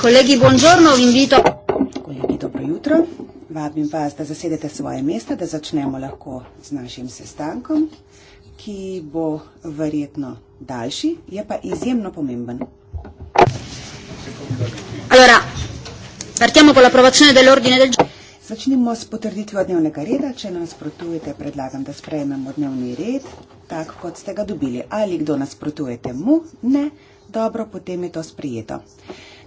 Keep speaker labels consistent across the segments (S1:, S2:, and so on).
S1: Kolegi, buongiorno, vi invito. Kolegi, dobro jutro. Vabim vas, da zasedete svoje mesta, da začnemo lahko z našim sestankom, ki bo verjetno daljši, je pa izjemno pomemben. Allora, partiamo con la provazione dell'ordine del giorno. Začnimo s potrditvijo dnevnega reda. Če nasprotujete, predlagam, da sprejmemo dnevni red, tak kot ste ga dobili. Ali kdo nasprotujete mu? Ne. Dobro, potem je to sprijeto.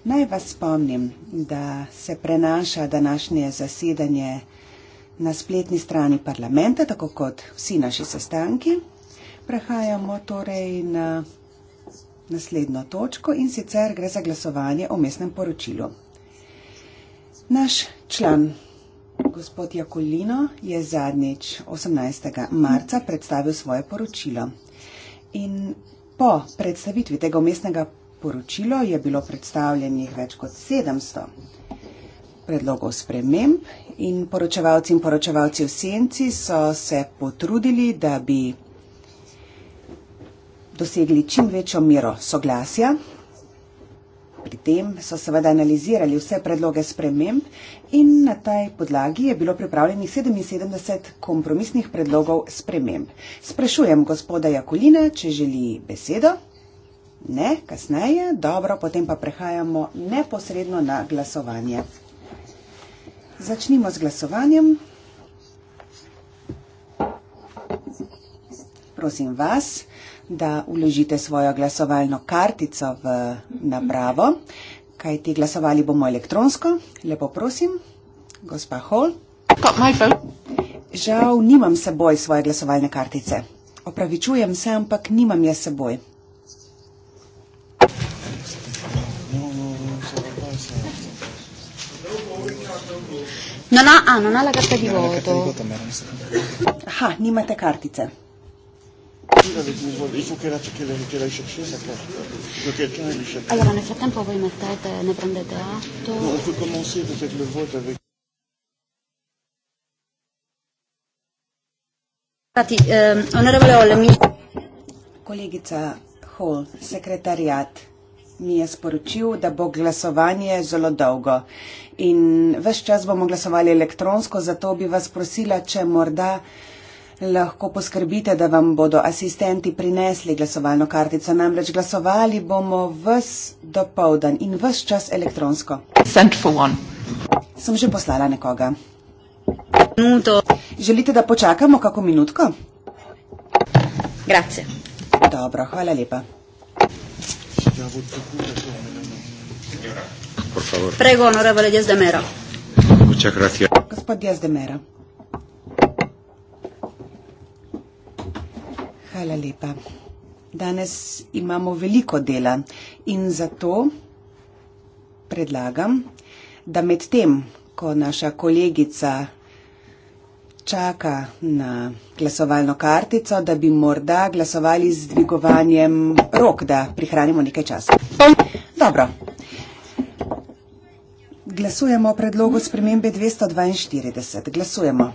S1: Naj vas spomnim, da se prenaša današnje zasedanje na spletni strani parlamenta, tako kot vsi naši sestanki. Prehajamo torej na naslednjo točko in sicer gre za glasovanje o mestnem poročilu. Naš član, gospod Jakolino, je zadnjič 18. marca predstavil svoje poročilo. In po predstavitvi tega mestnega poročila poročilo je bilo predstavljenih več kot 700 predlogov sprememb in poročevalci in poročevalci v senci so se potrudili, da bi dosegli čim večjo mero soglasja. Pri tem so seveda analizirali vse predloge sprememb in na tej podlagi je bilo pripravljenih 77 kompromisnih predlogov sprememb. Sprašujem gospoda Jakolina, če želi besedo. Ne, kasneje. Dobro, potem pa prehajamo neposredno na glasovanje. Začnimo z glasovanjem. Prosim vas, da uložite svojo glasovalno kartico v napravo, kaj ti glasovali bomo elektronsko. Lepo prosim, gospa Hall. Žal, nimam seboj svoje glasovalne kartice. Opravičujem se, ampak nimam jaz seboj. No, na, a, no, nalaga tudi v avto. Aha, nimate kartice. Alors, en
S2: effet, tant pour vous, ma tête, ne prendez pas. On peut commencer peut-être le vote avec.
S1: Infatti, ehm, onorevole Olle, mi... collegica Hall, secretariat mi je sporočil, da bo glasovanje zelo dolgo. In vse čas bomo glasovali elektronsko, zato bi vas prosila, če morda lahko poskrbite, da vam bodo asistenti prinesli glasovalno kartico. Namreč glasovali bomo vse do povdan in vse čas elektronsko. Sem že poslala nekoga. Minuto. Želite, da počakamo kako minutko? Grazie. Dobro, hvala lepa.
S2: Por favor. Prego, honorable Díaz de Mera. Muchas gracias.
S1: Gaspar Díaz de Mera. Hvala lepa. Danes imamo veliko dela in zato predlagam, da med tem, ko naša kolegica čaka na glasovalno kartico, da bi morda glasovali z dvigovanjem rok, da prihranimo nekaj časa. Dobro. Glasujemo o predlogu spremembe 242. Glasujemo.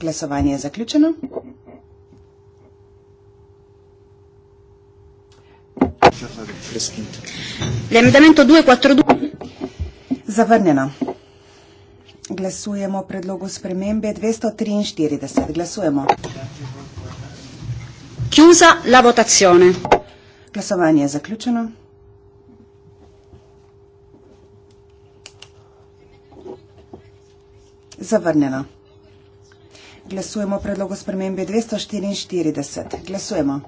S1: Glasovanje je zaključeno. respinto. L'emendamento 242 zavrnjeno. Glasujemo o predlogu spremembe 243. Glasujemo. Chiusa la votazione. Glasovanje je zaključeno. Zavrnjeno. Glasujemo o predlogu spremembe 244. Glasujemo.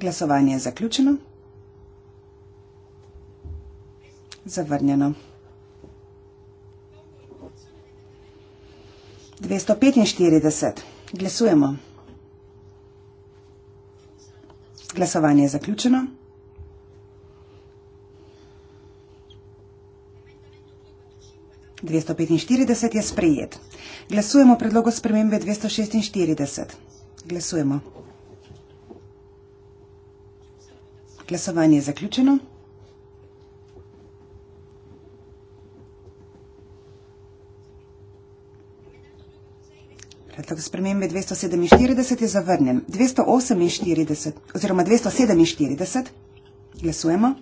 S1: Glasovanje je zaključeno. Zavrnjeno. 245. Glasujemo. Glasovanje je zaključeno. Dvesto petinštirideset je sprejet. Glasujemo predlogo spremembe dvesto šestinštirideset. Glasujemo. Glasovanje je zaključeno. Predlog spremembe 247 je zavrnjen. 248 oziroma 247 glasujemo.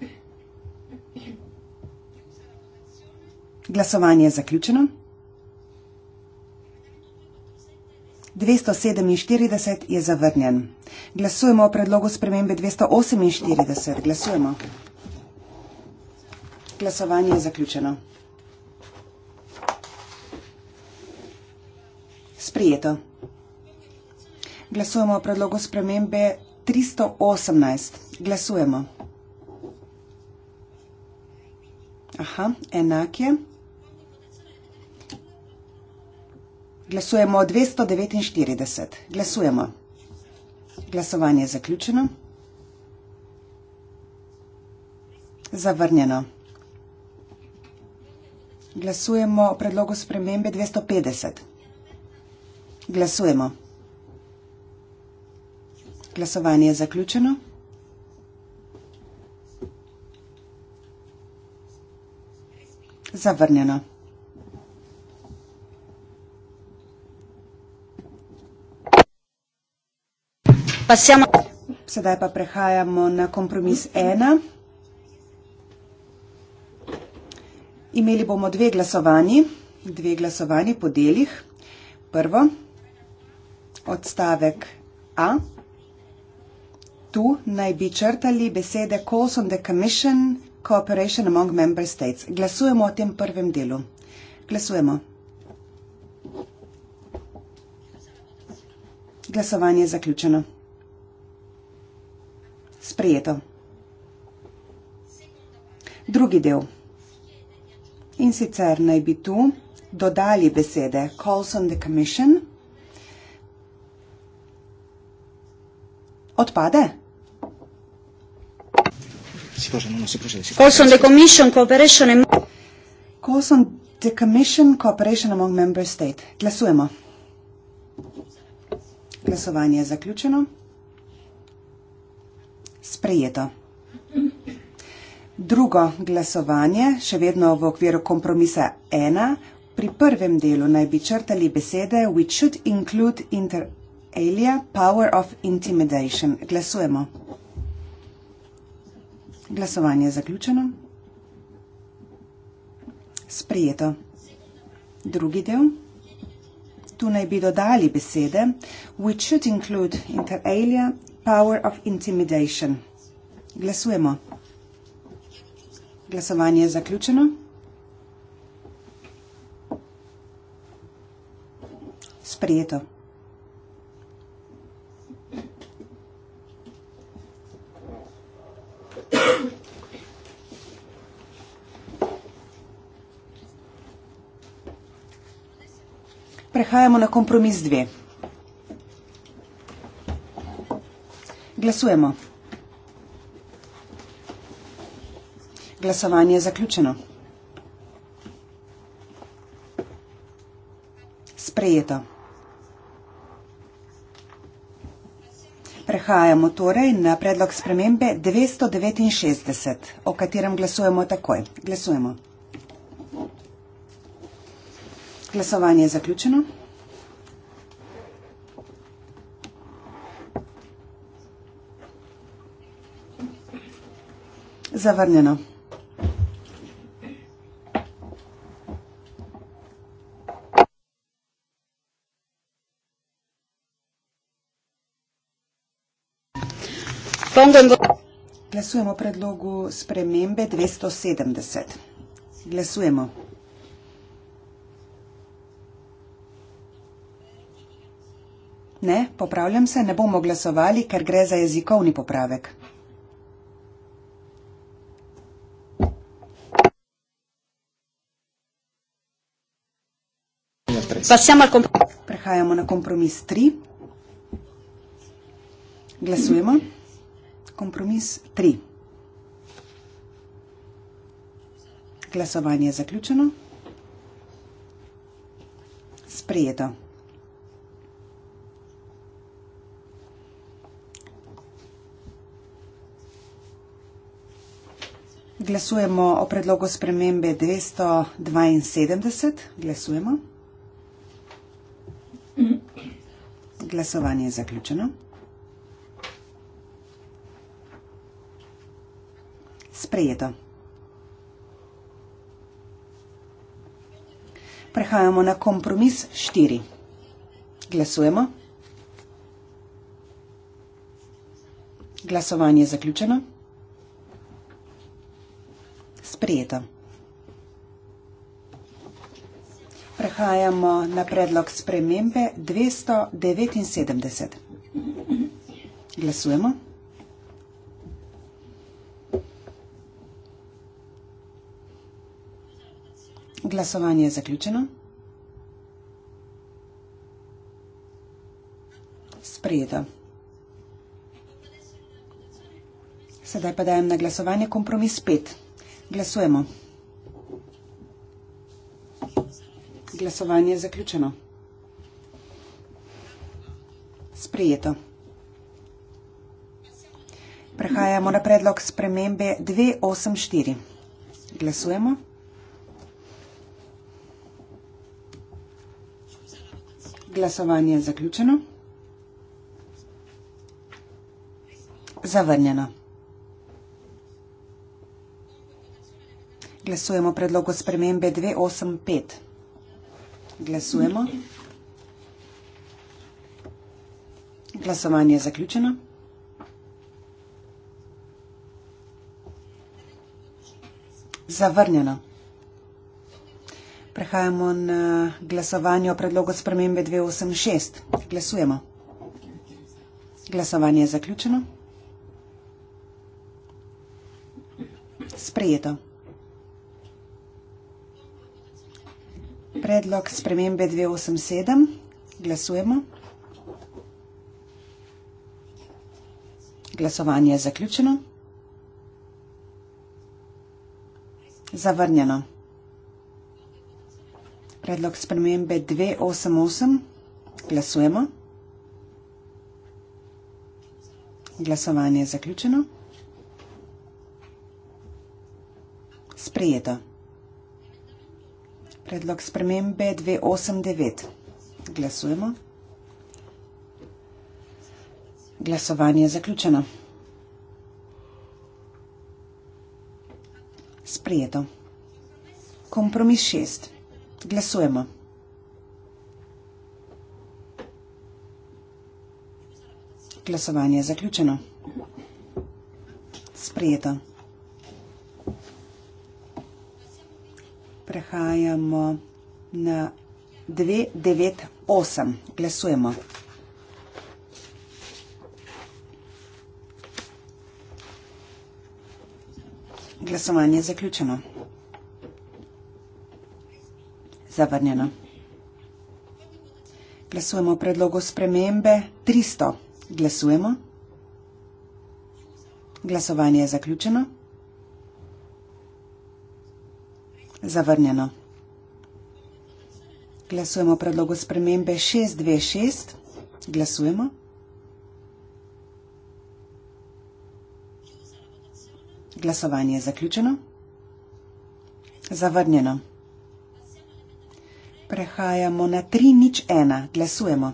S1: Glasovanje je zaključeno. 247 je zavrnjen. Glasujemo o predlogu spremembe 248. Glasujemo. Glasovanje je zaključeno. Sprijeto. Glasujemo o predlogu spremembe 318. Glasujemo. Aha, enak je. Glasujemo 249. Glasujemo. Glasovanje je zaključeno. Zavrnjeno. Glasujemo o predlogu spremembe 250. Glasujemo. Glasovanje je zaključeno. Zavrnjeno. Pa siamo... Sedaj pa prehajamo na kompromis ena. Imeli bomo dve glasovanji, dve glasovanji po delih. Prvo, odstavek A. Tu naj bi črtali besede Calls on the Commission, Cooperation among Member States. Glasujemo o tem prvem delu. Glasujemo. Glasovanje je zaključeno sprejeto. Drugi del. In sicer naj bi tu dodali besede calls on the commission. Odpade. No,
S2: no, calls on the
S1: commission cooperation. Calls on the commission cooperation among member states. Glasujemo. Glasovanje je zaključeno sprejeto. Drugo glasovanje, še vedno v okviru kompromisa ena, pri prvem delu naj bi črtali besede We should include inter alia power of intimidation. Glasujemo. Glasovanje zaključeno. Sprijeto. Drugi del. Tu naj bi dodali besede We should include inter alia power of intimidation. Glasujemo. Glasovanje je zaključeno. Sprijeto. Prehajamo na kompromis dve. Glasujemo. Glasovanje je zaključeno. Sprejeto. Prehajamo torej na predlog spremembe 969, o katerem glasujemo takoj. Glasujemo. Glasovanje je zaključeno. zavrnjeno. Glasujemo o predlogu spremembe 270. Glasujemo. Ne, popravljam se, ne bomo glasovali, ker gre za jezikovni popravek. Passiamo al compromesso. Prehajamo na kompromis 3. Glasujemo. Kompromis 3. Glasovanje je zaključeno. Sprejeto. Glasujemo o predlogu spremembe 272. Glasujemo. Glasovanje je zaključeno. Sprejeto. Prehajamo na kompromis 4. Glasujemo. Glasovanje je zaključeno. Sprejeto. prehajamo na predlog spremembe 279. Glasujemo. Glasovanje je zaključeno. Sprejeto. Sedaj pa dajem na glasovanje kompromis 5. Glasujemo. Glasovanje je zaključeno. Sprijeto. Prehajamo na predlog spremembe 284. Glasujemo. Glasovanje je zaključeno. Zavrnjeno. Glasujemo predlogo spremembe 285. Glasujemo. Glasovanje je zaključeno. Zavrnjeno. Prehajamo na glasovanje o predlogu spremembe 286. Glasujemo. Glasovanje je zaključeno. Sprejeto. predlog spremembe 287. Glasujemo. Glasovanje je zaključeno. Zavrnjeno. Predlog spremembe 288. Glasujemo. Glasovanje je zaključeno. Sprejeto. Predlog spremembe 289. Glasujemo. Glasovanje je zaključeno. Sprijeto. Kompromis 6. Glasujemo. Glasovanje je zaključeno. Sprijeto. prehajamo na 298. Glasujemo. Glasovanje je zaključeno. Zavrnjeno. Glasujemo o predlogu spremembe 300. Glasujemo. Glasovanje je zaključeno. Zavrnjeno. Glasujemo o predlogu spremembe 626. Glasujemo. Glasovanje je zaključeno. Zavrnjeno. Prehajamo na 301. Glasujemo.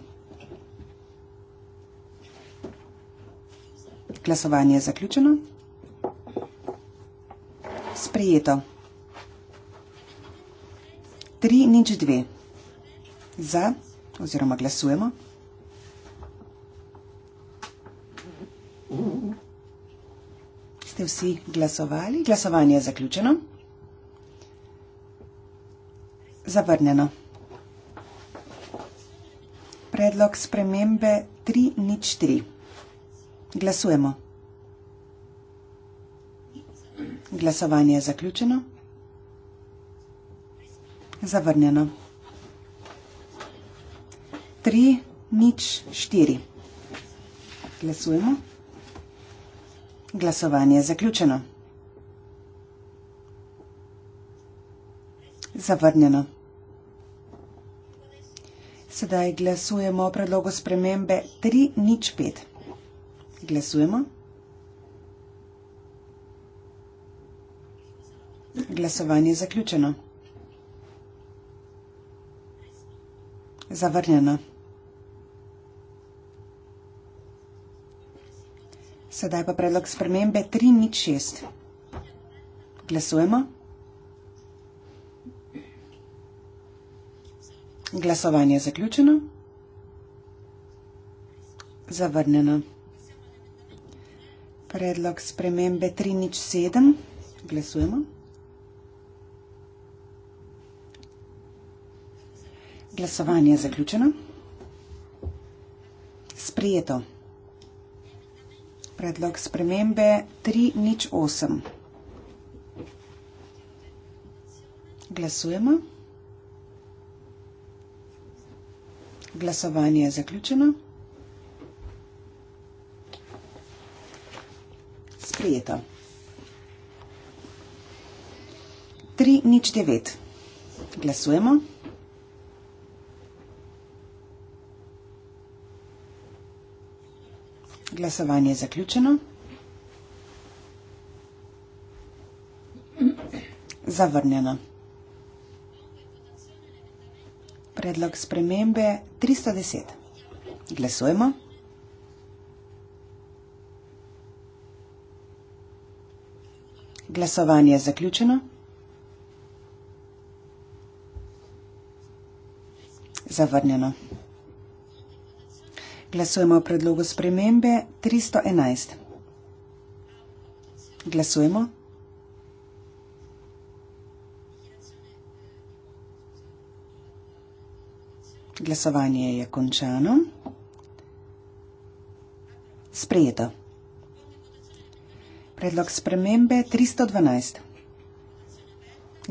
S1: Glasovanje je zaključeno. Sprijeto tri nič dve. Za oziroma glasujemo. Ste vsi glasovali? Glasovanje je zaključeno. Zavrnjeno. Predlog spremembe tri nič tri. Glasujemo. Glasovanje je zaključeno zavrnjeno. 3, nič, 4. Glasujemo. Glasovanje je zaključeno. Zavrnjeno. Sedaj glasujemo o predlogu spremembe 3, nič, 5. Glasujemo. Glasovanje je zaključeno. zavrnjena. Sedaj pa predlog spremembe 306. Glasujemo. Glasovanje je zaključeno. Zavrnjeno. Predlog spremembe 307. Glasujemo. Glasovanje je zaključeno. Sprijeto. Predlog spremembe 308. Glasujemo. Glasovanje je zaključeno. Sprijeto. 309. Glasujemo. 309. glasovanje zaključeno. Zavrnjeno. Predlog spremembe 310. Glasujemo. Glasovanje zaključeno. Zavrnjeno. Glasujemo o predlogu spremembe 311. Glasujemo. Glasovanje je končano. Sprejeto. Predlog spremembe 312.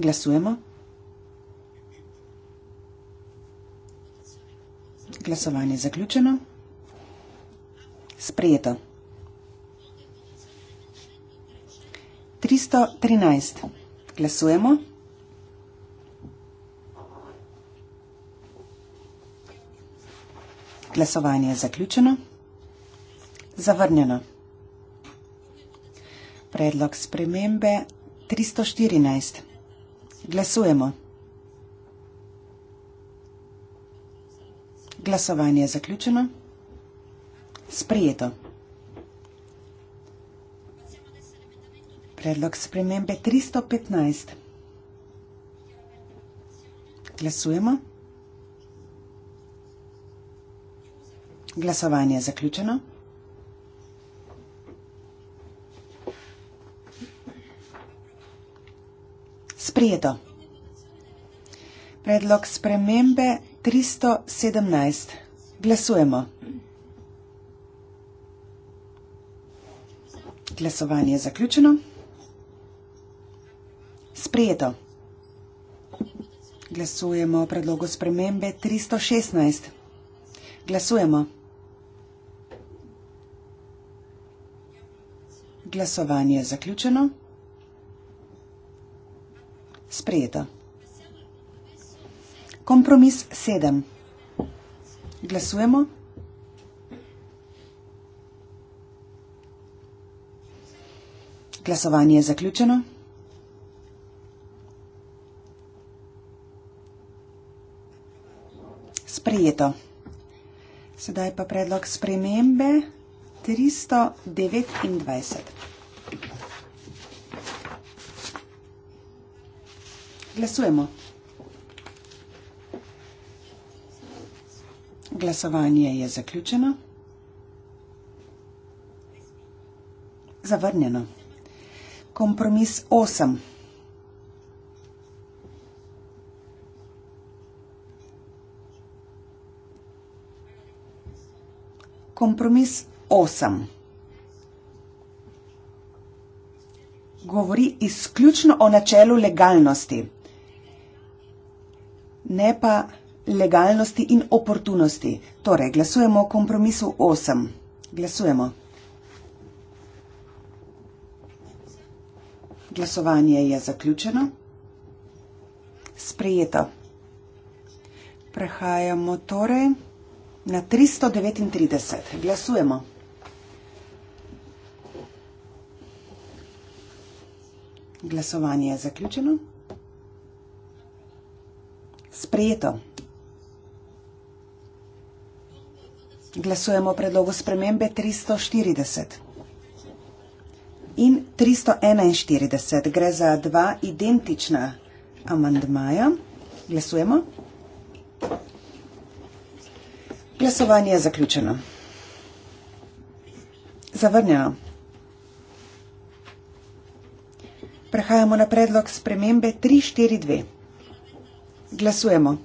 S1: Glasujemo. Glasovanje je zaključeno. Sprejeto. 313. Glasujemo. Glasovanje je zaključeno. Zavrnjeno. Predlog spremembe 314. Glasujemo. Glasovanje je zaključeno sprijeto. Predlog spremembe 315. Glasujemo. Glasovanje je zaključeno. Sprijeto. Predlog spremembe 317. Glasujemo. Glasovanje je zaključeno. Sprejeto. Glasujemo o predlogu spremembe 316. Glasujemo. Glasovanje je zaključeno. Sprejeto. Kompromis 7. Glasujemo. Glasovanje je zaključeno. Sprejeto. Sedaj pa predlog spremembe 329. Glasujemo. Glasovanje je zaključeno. Zavrnjeno kompromis 8. Kompromis 8 govori izključno o načelu legalnosti, ne pa legalnosti in oportunosti. Torej, glasujemo o kompromisu 8. Glasujemo. Glasovanje je zaključeno. Sprejeto. Prehajamo torej na 339. Glasujemo. Glasovanje je zaključeno. Sprejeto. Glasujemo o predlogu spremembe 340 in 341. Gre za dva identična amandmaja. Glasujemo. Glasovanje je zaključeno. Zavrnjeno. Prehajamo na predlog spremembe 342. Glasujemo.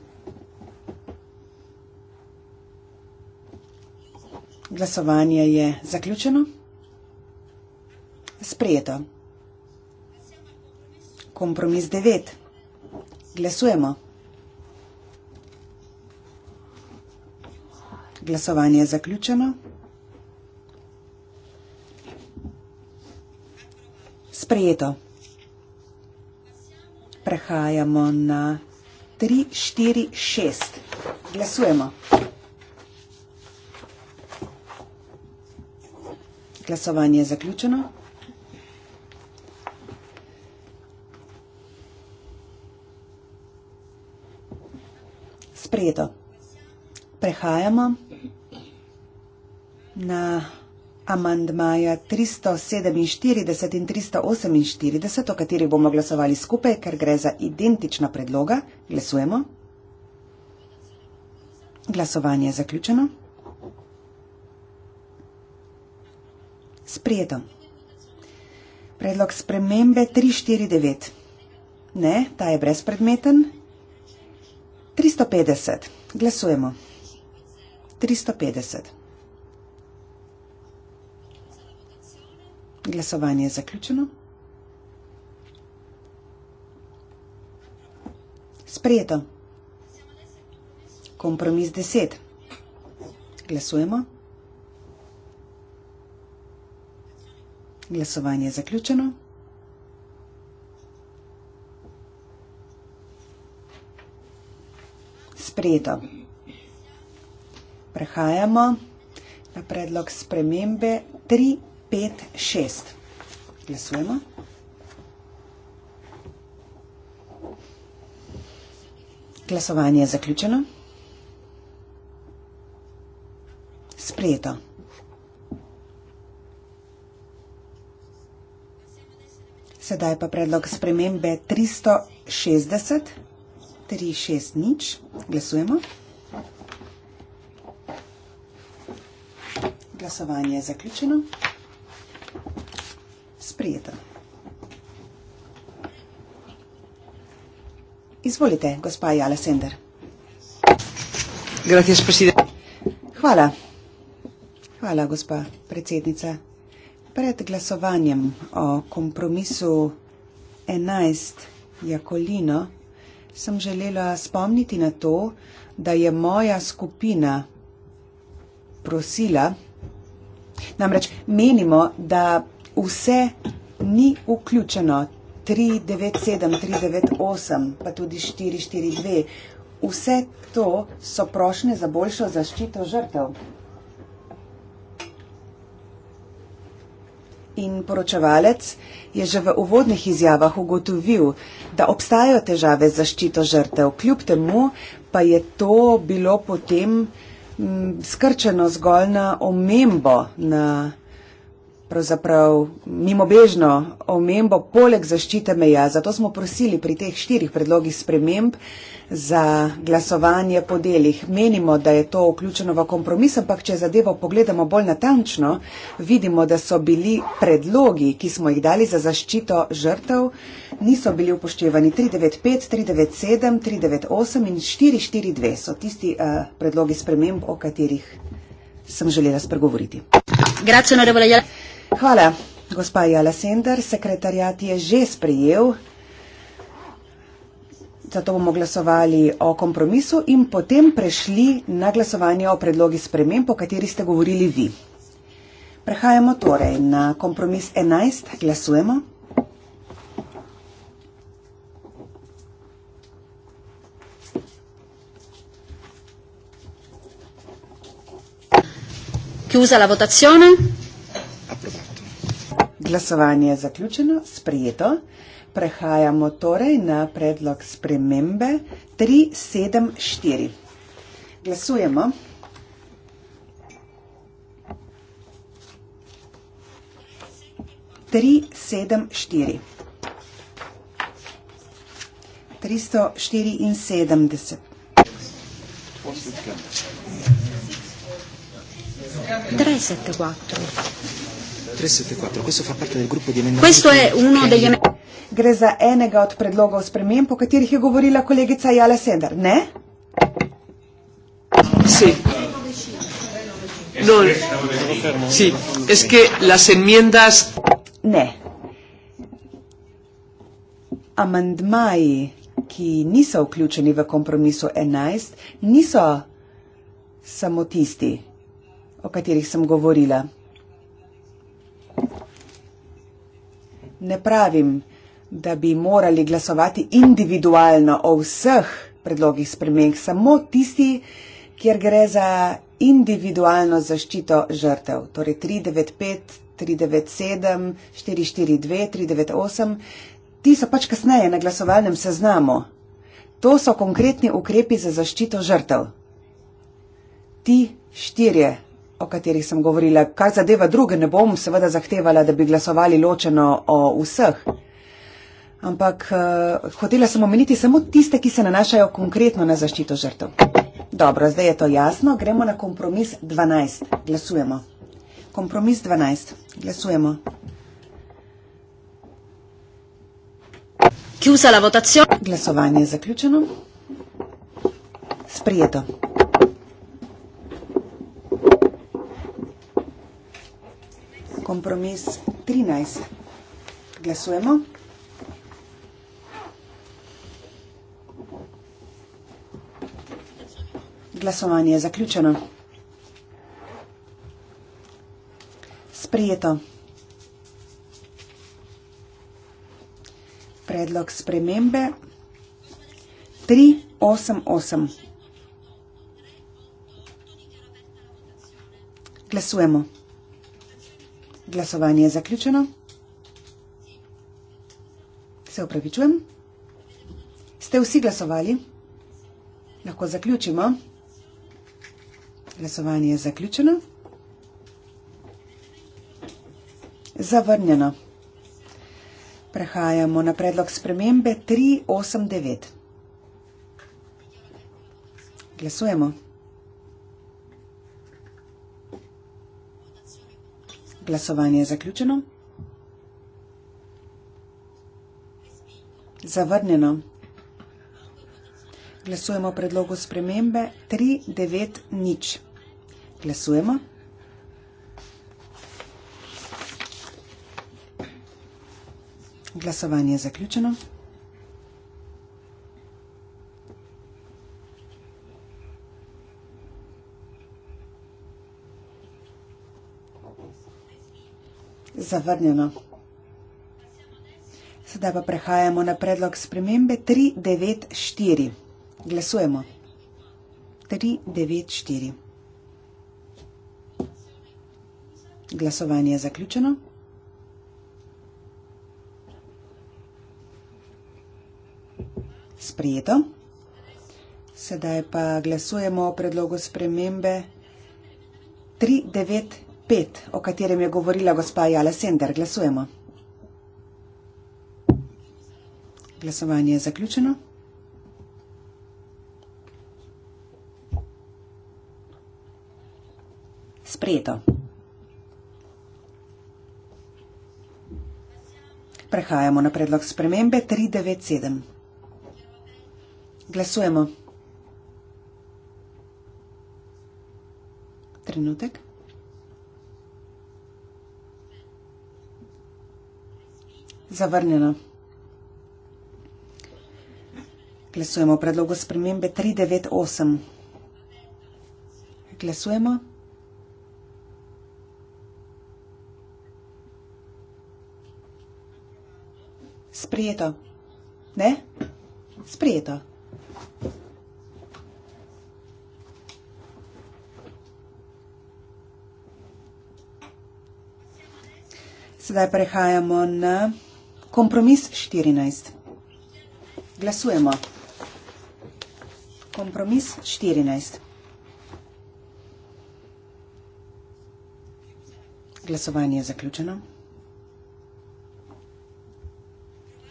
S1: Glasovanje je zaključeno. Sprijeto. Kompromis 9. Glasujemo. Glasovanje je zaključeno. Sprijeto. Prehajamo na 3, 4, 6. Glasujemo. Glasovanje je zaključeno. spredo. Prehajamo na amandmaja 347 in 348, o katerih bomo glasovali skupaj, ker gre za identična predloga. Glasujemo. Glasovanje je zaključeno. Sprijeto. Predlog spremembe 349. Ne, ta je brezpredmeten. 350. Glasujemo. 350. Glasovanje je zaključeno. Sprejeto. Kompromis 10. Glasujemo. Glasovanje je zaključeno. spredo. Prehajamo na predlog spremembe 3, 5, 6. Glasujemo. Glasovanje je zaključeno. Sprejeto. Sedaj pa predlog spremembe 360 tri, šest, nič. Glasujemo. Glasovanje je zaključeno. Sprijeta. Izvolite, gospa Jala Sender. Gracias, presidente. Hvala. Hvala, gospa predsednica. Pred glasovanjem o kompromisu 11 Jakolino sem želela spomniti na to, da je moja skupina prosila, namreč menimo, da vse ni vključeno 397, 398, pa tudi 442. Vse to so prošnje za boljšo zaščito žrtev. in poročevalec je že v uvodnih izjavah ugotovil, da obstajajo težave z zaščito žrtev. Kljub temu pa je to bilo potem mm, skrčeno zgolj na omembo, na pravzaprav mimobežno omembo poleg zaščite meja. Zato smo prosili pri teh štirih predlogih sprememb za glasovanje po delih. Menimo, da je to vključeno v kompromis, ampak če zadevo pogledamo bolj natančno, vidimo, da so bili predlogi, ki smo jih dali za zaščito žrtev, niso bili upoštevani. 395, 397, 398 in 442 so tisti uh, predlogi sprememb, o katerih sem želela spregovoriti. Grazie, Hvala, gospa Jala Sender. Sekretarjat je že sprejel. Zato bomo glasovali o kompromisu in potem prešli na glasovanje o predlogi spremem, po kateri ste govorili vi. Prehajamo torej na kompromis 11. Glasujemo. Chiusa la votazione. Glasovanje je zaključeno, sprejeto. Prehajamo torej na predlog spremembe 374. Glasujemo. Tri, sedem, štiri. Tristo štiriinsedemdeset. Trideset, kvadrat.
S2: 374, questo fa parte del gruppo di emendamenti. Questo è uno degli
S1: emendamenti. Gre za enega od predlogov sprememb, o katerih je govorila kolegica Jala Sender, ne?
S2: Sì. No, sì, es que las enmiendas...
S1: Ne. Amandmaji, ki niso vključeni v kompromisu 11, niso samo tisti, o katerih sem govorila. ne pravim, da bi morali glasovati individualno o vseh predlogih sprememb, samo tisti, kjer gre za individualno zaščito žrtev, torej 395, 397, 442, 398, ti so pač kasneje na glasovalnem seznamu. To so konkretni ukrepi za zaščito žrtev. Ti štirje o katerih sem govorila. Kar zadeva druge, ne bom seveda zahtevala, da bi glasovali ločeno o vseh. Ampak uh, hotela sem omeniti samo tiste, ki se nanašajo konkretno na zaščito žrtev. Dobro, zdaj je to jasno. Gremo na kompromis 12. Glasujemo. Kompromis 12. Glasujemo. Glasovanje je zaključeno. Sprijeto. kompromis 13. Glasujemo. Glasovanje je zaključeno. Sprijeto. Predlog spremembe 388. Glasujemo. Glasovanje je zaključeno. Se upravičujem. Ste vsi glasovali? Lahko zaključimo. Glasovanje je zaključeno. Zavrnjeno. Prehajamo na predlog spremembe 389. Glasujemo. Glasovanje je zaključeno. Zavrnjeno. Glasujemo o predlogu spremembe 390. Glasujemo. Glasovanje je zaključeno. zavrnjeno. Sedaj pa prehajamo na predlog spremembe 394. Glasujemo. 394. Glasovanje je zaključeno. Sprijeto. Sedaj pa glasujemo o predlogu spremembe 394. 5, o katerem je govorila gospa Jala Sender. Glasujemo. Glasovanje je zaključeno. Sprejeto. Prehajamo na predlog spremembe 397. Glasujemo. Trenutek. Zavrnjeno. Glasujemo o predlogu spremembe 398. Glasujemo. Sprijeto. Ne? Sprijeto. Sedaj prehajamo na Kompromis 14. Glasujemo. Kompromis 14. Glasovanje je zaključeno.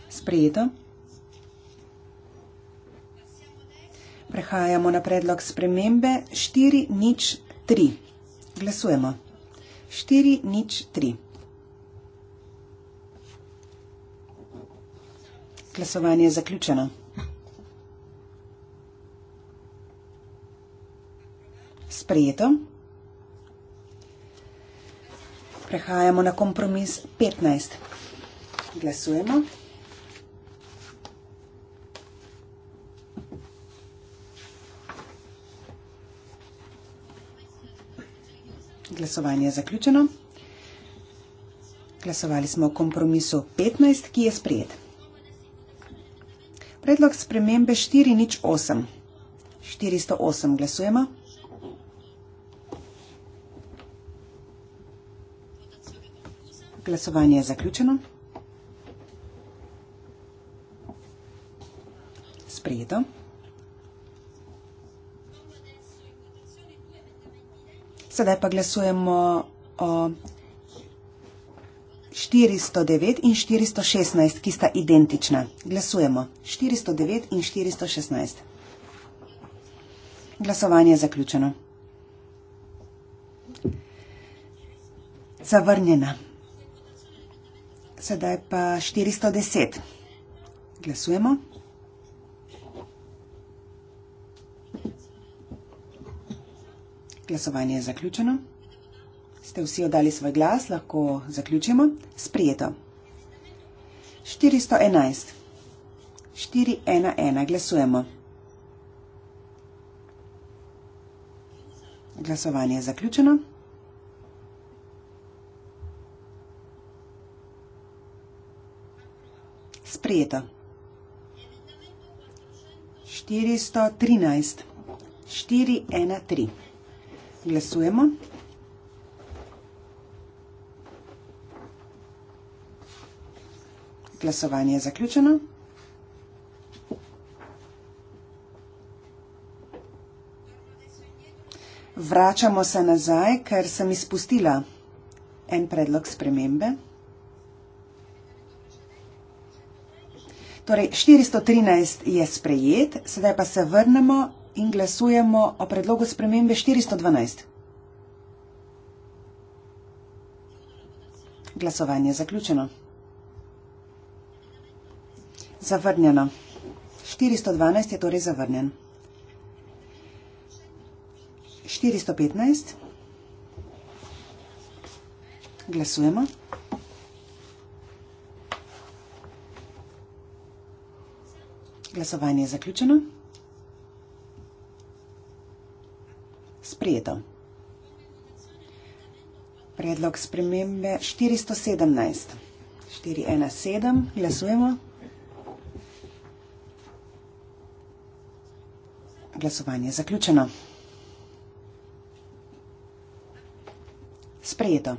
S1: Sprejeto. Prehajamo na predlog spremembe 4 nič 3. Glasujemo. 4 nič 3. Glasovanje je zaključeno. Sprejeto. Prehajamo na kompromis 15. Glasujemo. Glasovanje je zaključeno. Glasovali smo o kompromisu 15, ki je sprejet. Predlog spremembe 408. 408 glasujemo. Glasovanje je zaključeno. Sprejeto. Sedaj pa glasujemo o 409 in 416, ki sta identična. Glasujemo. 409 in 416. Glasovanje je zaključeno. Zavrnjena. Sedaj pa 410. Glasujemo. Glasovanje je zaključeno ste vsi oddali svoj glas, lahko zaključimo. Sprijeto. 411. 411. Glasujemo. Glasovanje je zaključeno. Sprijeto. 413. 413. Glasujemo. Glasovanje je zaključeno. Vračamo se nazaj, ker sem izpustila en predlog spremembe. Torej, 413 je sprejet, sedaj pa se vrnemo in glasujemo o predlogu spremembe 412. Glasovanje je zaključeno. Zavrnjeno. 412 je torej zavrnjen. 415. Glasujemo. Glasovanje je zaključeno. Sprijeto. Predlog spremembe 417. 417. Glasujemo. Glasovanje je zaključeno. Sprejeto.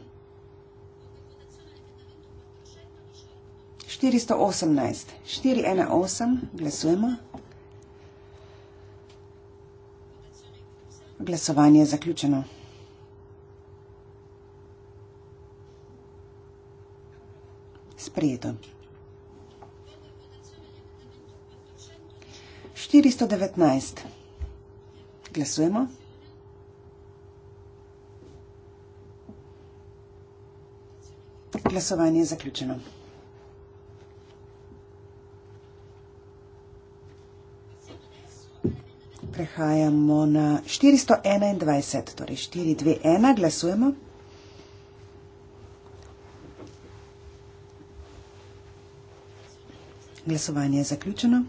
S1: 418, 418, glasujemo. Glasovanje je zaključeno. Sprejeto. 419 glasujemo. Glasovanje je zaključeno. Prehajamo na 421, torej 421, glasujemo. Glasovanje je zaključeno.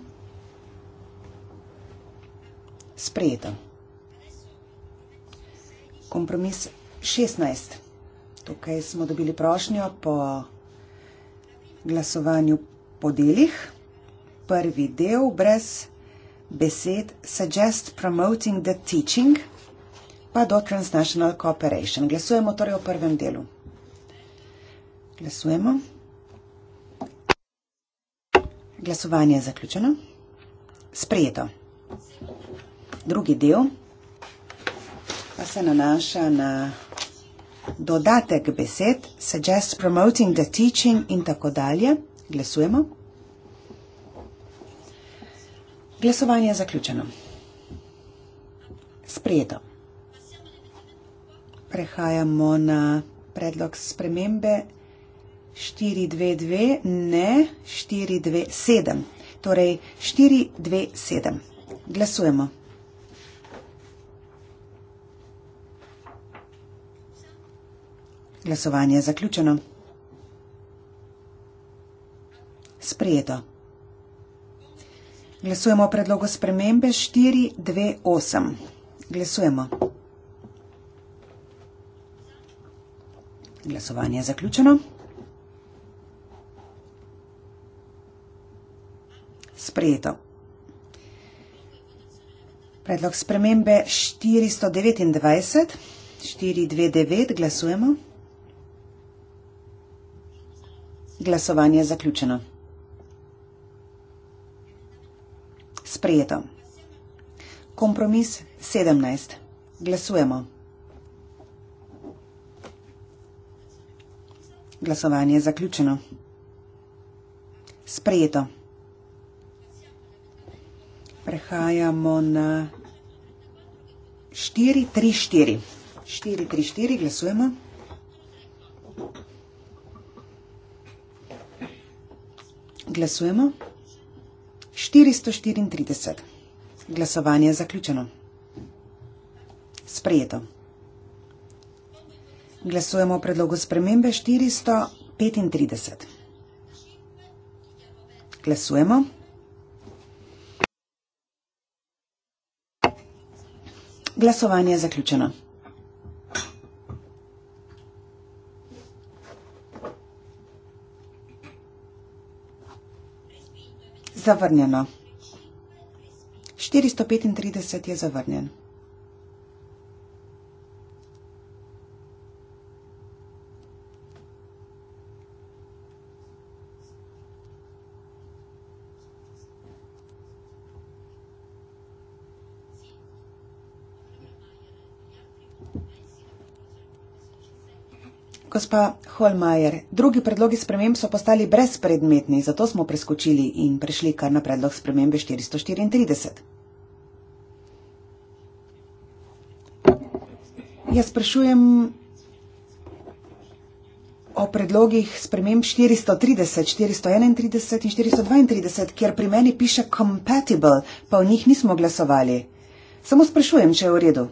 S1: Sprejeto kompromis 16. Tukaj smo dobili prošnjo po glasovanju po delih. Prvi del brez besed suggest promoting the teaching pa do transnational cooperation. Glasujemo torej o prvem delu. Glasujemo. Glasovanje je zaključeno. Sprejeto. Drugi del se nanaša na dodatek besed, suggest promoting the teaching in tako dalje. Glasujemo. Glasovanje je zaključeno. Sprejeto. Prehajamo na predlog spremembe 422, ne 427. Torej 427. Glasujemo. Glasovanje je zaključeno. Sprejeto. Glasujemo o predlogu spremembe 428. Glasujemo. Glasovanje je zaključeno. Sprejeto. Predlog spremembe 429. 429 glasujemo. Glasovanje je zaključeno. Sprejeto. Kompromis 17. Glasujemo. Glasovanje je zaključeno. Sprejeto. Prehajamo na 434. 434 glasujemo. Glasujemo. 434. Glasovanje je zaključeno. Sprejeto. Glasujemo o predlogu spremembe 435. Glasujemo. Glasovanje je zaključeno. zavrnjeno. 435 je zavrnjen. gospa Holmajer, drugi predlogi sprememb so postali brezpredmetni, zato smo preskočili in prišli kar na predlog spremembe 434. Jaz sprašujem o predlogih sprememb 430, 431 in 432, kjer pri meni piše compatible, pa v njih nismo glasovali. Samo sprašujem, če je v redu.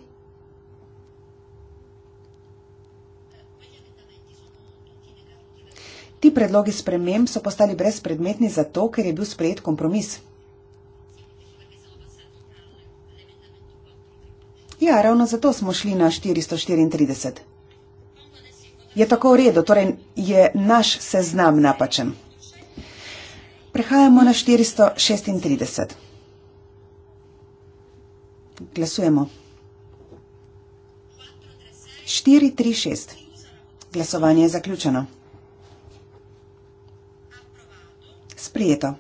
S1: predlogi sprememb so postali brezpredmetni zato, ker je bil sprejet kompromis. Ja, ravno zato smo šli na 434. Je tako v redu, torej je naš seznam napačen. Prehajamo na 436. Glasujemo. 436. Glasovanje je zaključeno. sprijeto.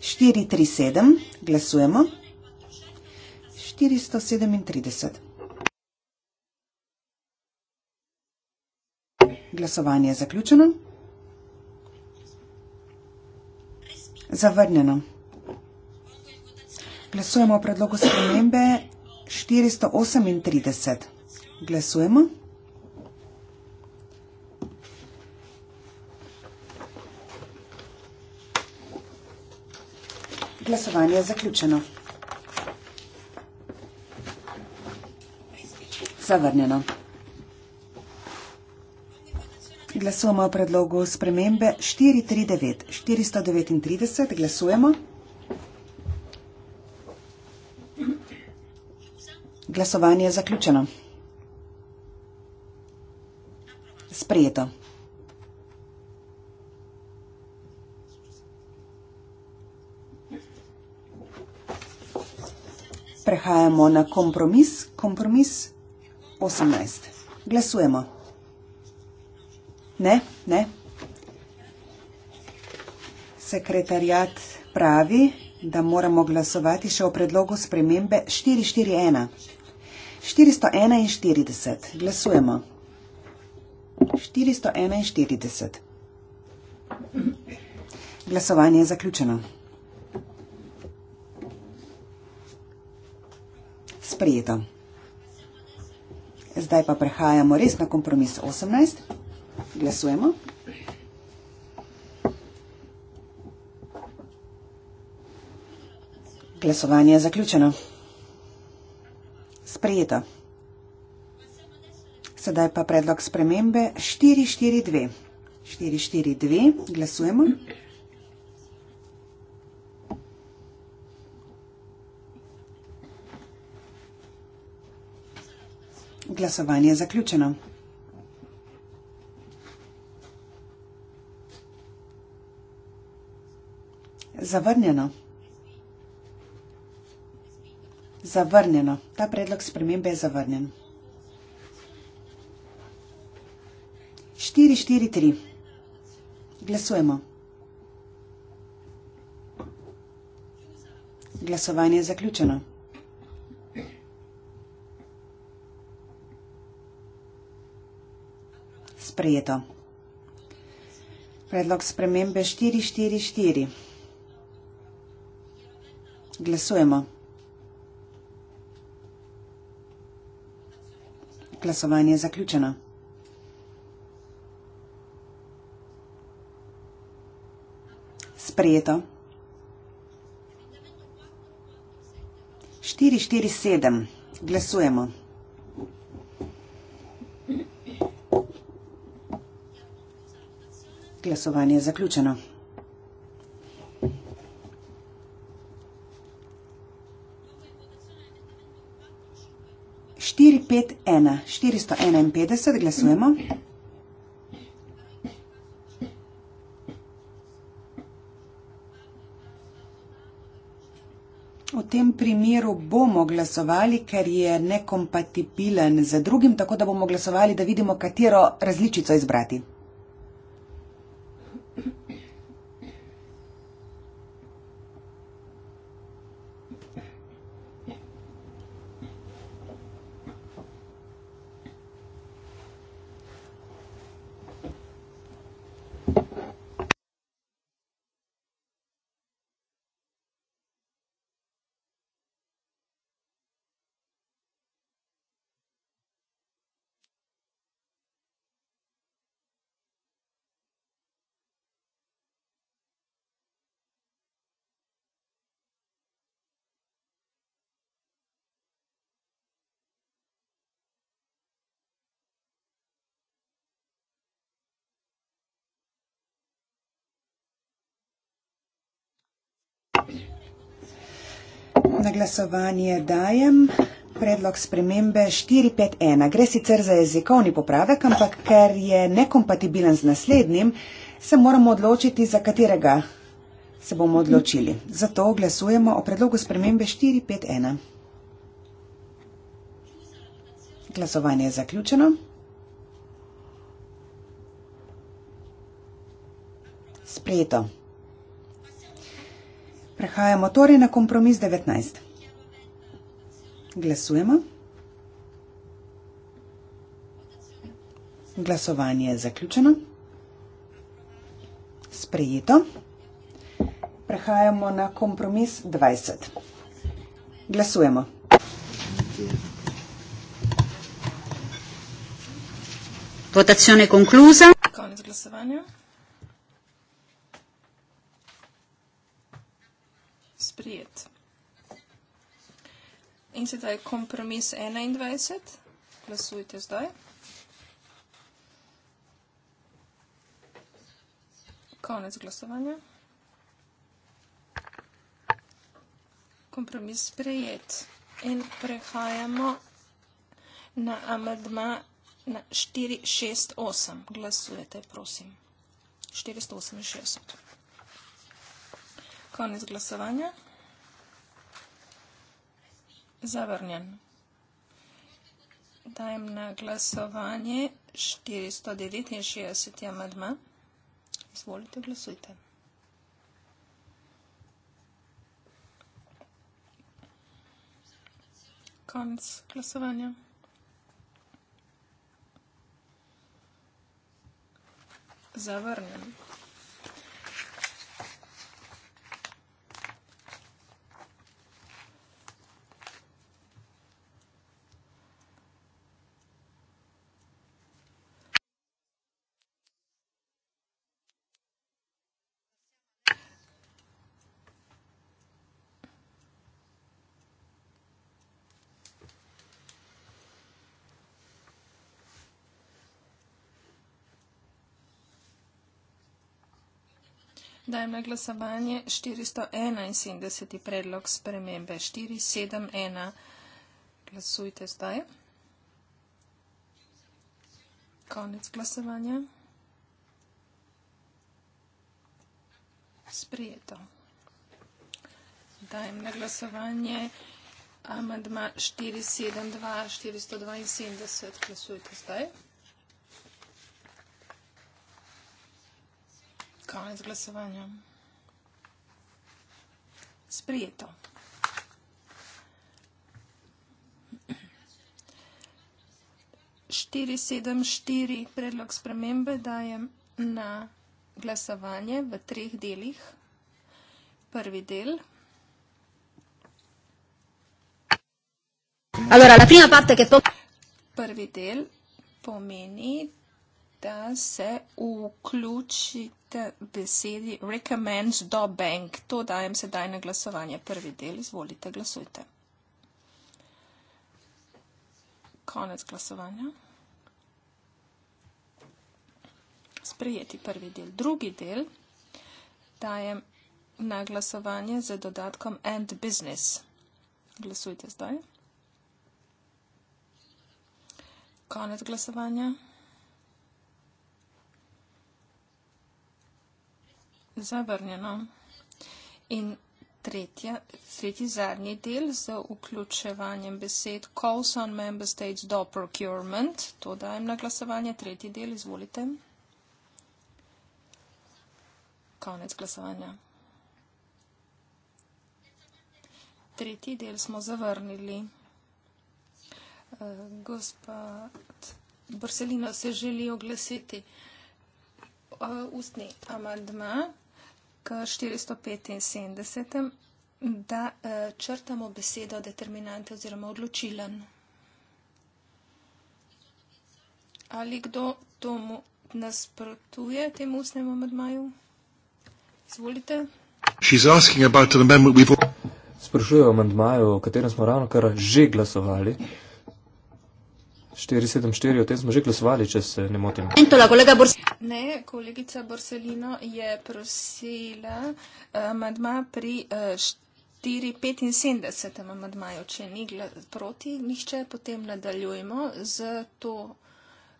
S1: 437, glasujemo. 437. Glasovanje je zaključeno. Zavrnjeno. Glasujemo o predlogu spremembe 438. Glasujemo. glasovanje zaključeno. Zavrnjeno. Glasujemo o predlogu spremembe 439. 439 glasujemo. Glasovanje je zaključeno. Sprejeto. Prehajamo na kompromis, kompromis 18. Glasujemo. Ne, ne. Sekretarjat pravi, da moramo glasovati še o predlogu spremembe 441. 441. Glasujemo. 441. Glasovanje je zaključeno. sprejeto. Zdaj pa prehajamo res na kompromis 18. Glasujemo. Glasovanje je zaključeno. Sprejeto. Sedaj pa predlog spremembe 442. 442. Glasujemo. glasovanje zaključeno. Zavrnjeno. Zavrnjeno. Ta predlog spremembe je zavrnjen. 4-4-3. Glasujemo. Glasovanje je zaključeno. 4-4-3. sprejeto. Predlog spremembe 444. Glasujemo. Glasovanje je zaključeno. Sprejeto. 447. Glasujemo. Glasovanje je zaključeno. Štiri, pet, ena. Štiristo enainpetdeset, glasujemo. V tem primeru bomo glasovali, ker je nekompatibilen z drugim, tako da bomo glasovali, da vidimo, katero različico izbrati. na glasovanje dajem predlog spremembe 451. Gre sicer za jezikovni popravek, ampak ker je nekompatibilen z naslednjim, se moramo odločiti, za katerega se bomo odločili. Zato glasujemo o predlogu spremembe 451. Glasovanje je zaključeno. Sprejeto. Prehajamo torej na kompromis 19. Glasujemo. Glasovanje je zaključeno. Sprejeto. Prehajamo na kompromis 20. Glasujemo. Votacijo
S2: je konkluza.
S3: Konec glasovanja. sprijet. In sedaj kompromis 21, glasujte zdaj. Konec glasovanja. Kompromis sprejet. In prehajamo na amadma na 468. Glasujete, prosim. 468. Konec glasovanja. Zavrnjen. Dajem na glasovanje 469. amadma. Izvolite, glasujte. Konec glasovanja. Zavrnjen. Dajem na glasovanje 471. predlog spremembe 471. Glasujte zdaj. Konec glasovanja. Sprijeto. Dajem na glasovanje amadma 472-472. Glasujte zdaj. Konec glasovanja. Sprijeto. Štiri sedem štiri predlog spremembe dajem na glasovanje v treh delih. Prvi del.
S2: Allora, la prima parte che
S3: Prvi del pomeni, da se vključi besedi recommend do bank. To dajem sedaj na glasovanje. Prvi del, izvolite, glasujte. Konec glasovanja. Sprejeti prvi del. Drugi del dajem na glasovanje z dodatkom and business. Glasujte zdaj. Konec glasovanja. zavrnjeno. In tretja, tretji zadnji del z vključevanjem besed calls on member states do procurement. To dajem na glasovanje. Tretji del, izvolite. Konec glasovanja. Tretji del smo zavrnili. Uh, gospa Borselino se želi oglasiti uh, ustni amandma. 475, da eh, črtamo besedo determinante oziroma odločilen. Ali kdo tomu nasprotuje temu usnemu amadmaju? Izvolite.
S2: Sprašuje o amadmaju, o katerem smo ravno kar že glasovali. 474, o tem smo že glasovali, če se ne motim.
S3: Ne, kolegica Borsellino je prosila eh, amadma pri 475. Eh, amadmaju, če ni proti nihče, potem nadaljujemo z to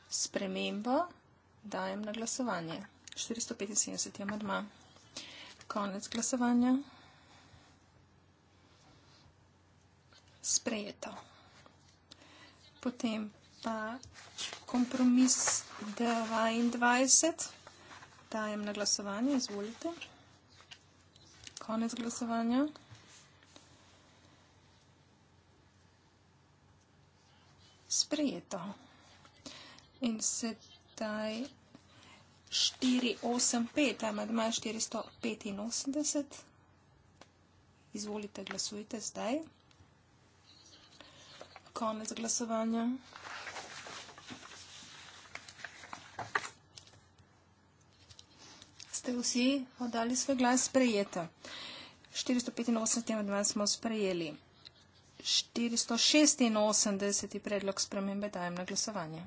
S3: spremembo, dajem na glasovanje. 475 je amadma. Konec glasovanja. Sprejeto. Potem pa kompromis 22. Dajem na glasovanje, izvolite. Konec glasovanja. Sprejeto. In sedaj 485, amadma 485. Izvolite, glasujte zdaj. Konec glasovanja. ste vsi oddali svoj glas sprejeta. 485. amandman smo sprejeli. 486. predlog spremembe dajem na glasovanje.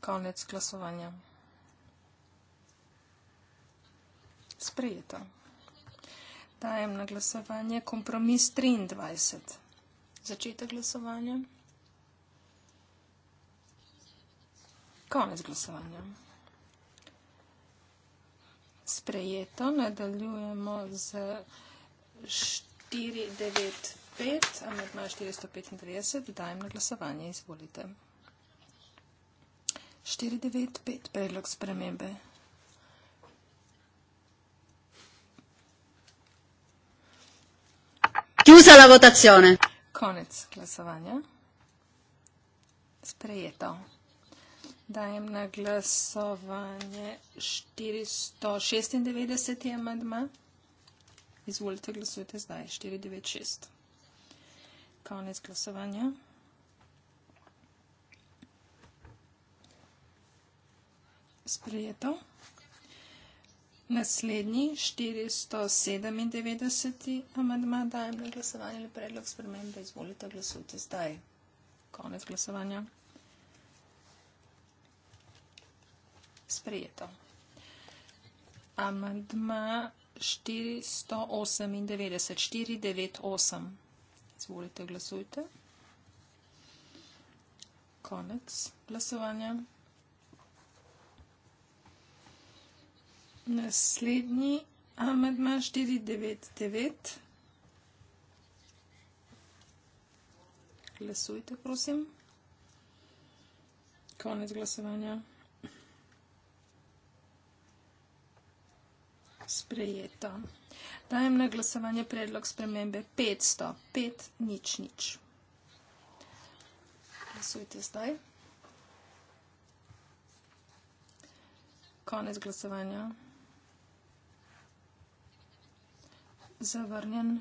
S3: Konec glasovanja. Sprejeto. Dajem na glasovanje kompromis 23. Začetek glasovanja. Konec glasovanja. Sprejeto. Nadaljujemo z 495, amatma 495. Dajem na glasovanje. Izvolite. 495, predlog spremembe.
S2: Chiusa la votazione.
S3: Konec glasovanja. Sprejeto. Dajem na glasovanje 496. amadma. Izvolite, glasujte zdaj 496. Konec glasovanja. Sprejeto. Naslednji 497. amadma dajem na glasovanje ali predlog spremembe. Izvolite, glasujte zdaj. Konec glasovanja. sprejeto. Amandma 498, 498. Zvolite, glasujte. Konec glasovanja. Naslednji amandma 499. Glasujte, prosim. Konec glasovanja. sprejeto. Dajem na glasovanje predlog spremembe 500, 5, nič, nič. Glasujte zdaj. Konec glasovanja. Zavrnjen.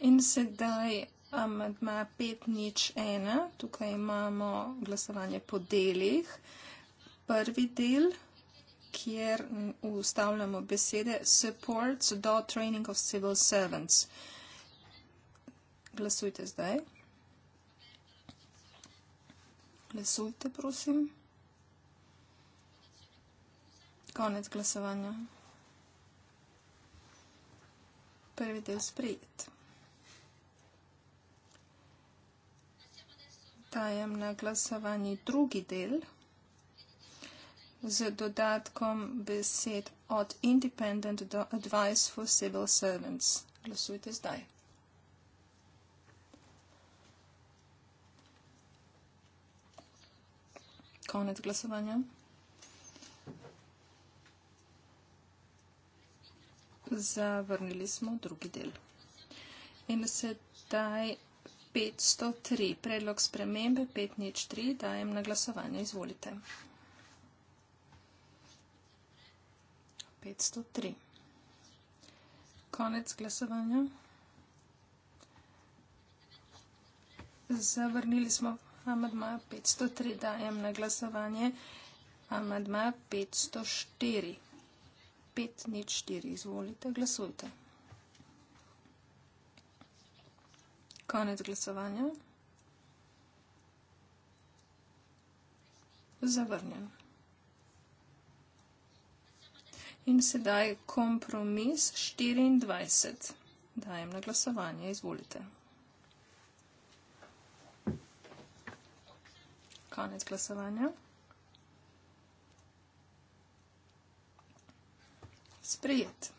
S3: In sedaj amadma 5, nič, ena. Tukaj imamo glasovanje po delih. Prvi del kjer ustavljamo besede support do training of civil servants. Glasujte zdaj. Glasujte, prosim. Konec glasovanja. Prvi del sprejet. Dajem na glasovanje drugi del z dodatkom besed od independent do advice for civil servants. Glasujte zdaj. Konec glasovanja. Zavrnili smo drugi del. In sedaj 503, predlog spremembe 503, dajem na glasovanje. Izvolite. 503. Konec glasovanja. Zavrnili smo amadma 503, dajem na glasovanje amadma 504. 5 nič 4, izvolite, glasujte. Konec glasovanja. Zavrnjeno. In sedaj kompromis 24. Dajem na glasovanje, izvolite. Konec glasovanja. Sprejet.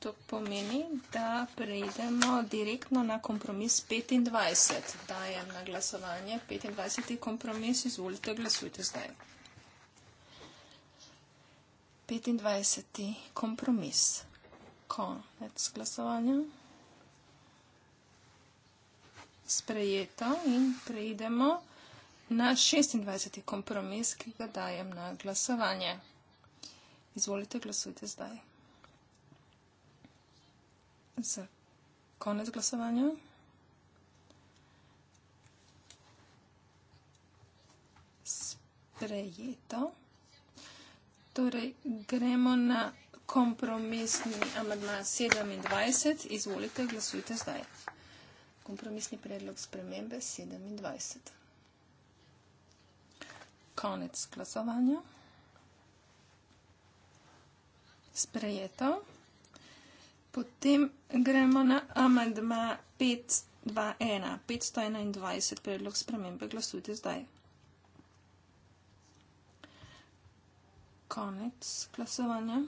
S3: To pomeni, da prejdemo direktno na kompromis 25. Dajem na glasovanje 25. kompromis, izvolite, glasujte zdaj. 25. kompromis, konec glasovanja. Sprejeto in prejdemo na 26. kompromis, ki ga dajem na glasovanje. Izvolite, glasujte zdaj. Za konec glasovanja. Sprejeto. Torej, gremo na kompromisni amadma 27. Izvolite, glasujte zdaj. Kompromisni predlog spremembe 27. Konec glasovanja. Sprejeto. Potem gremo na amadma 521. 521 predlog spremembe. Glasujte zdaj. konec glasovanja.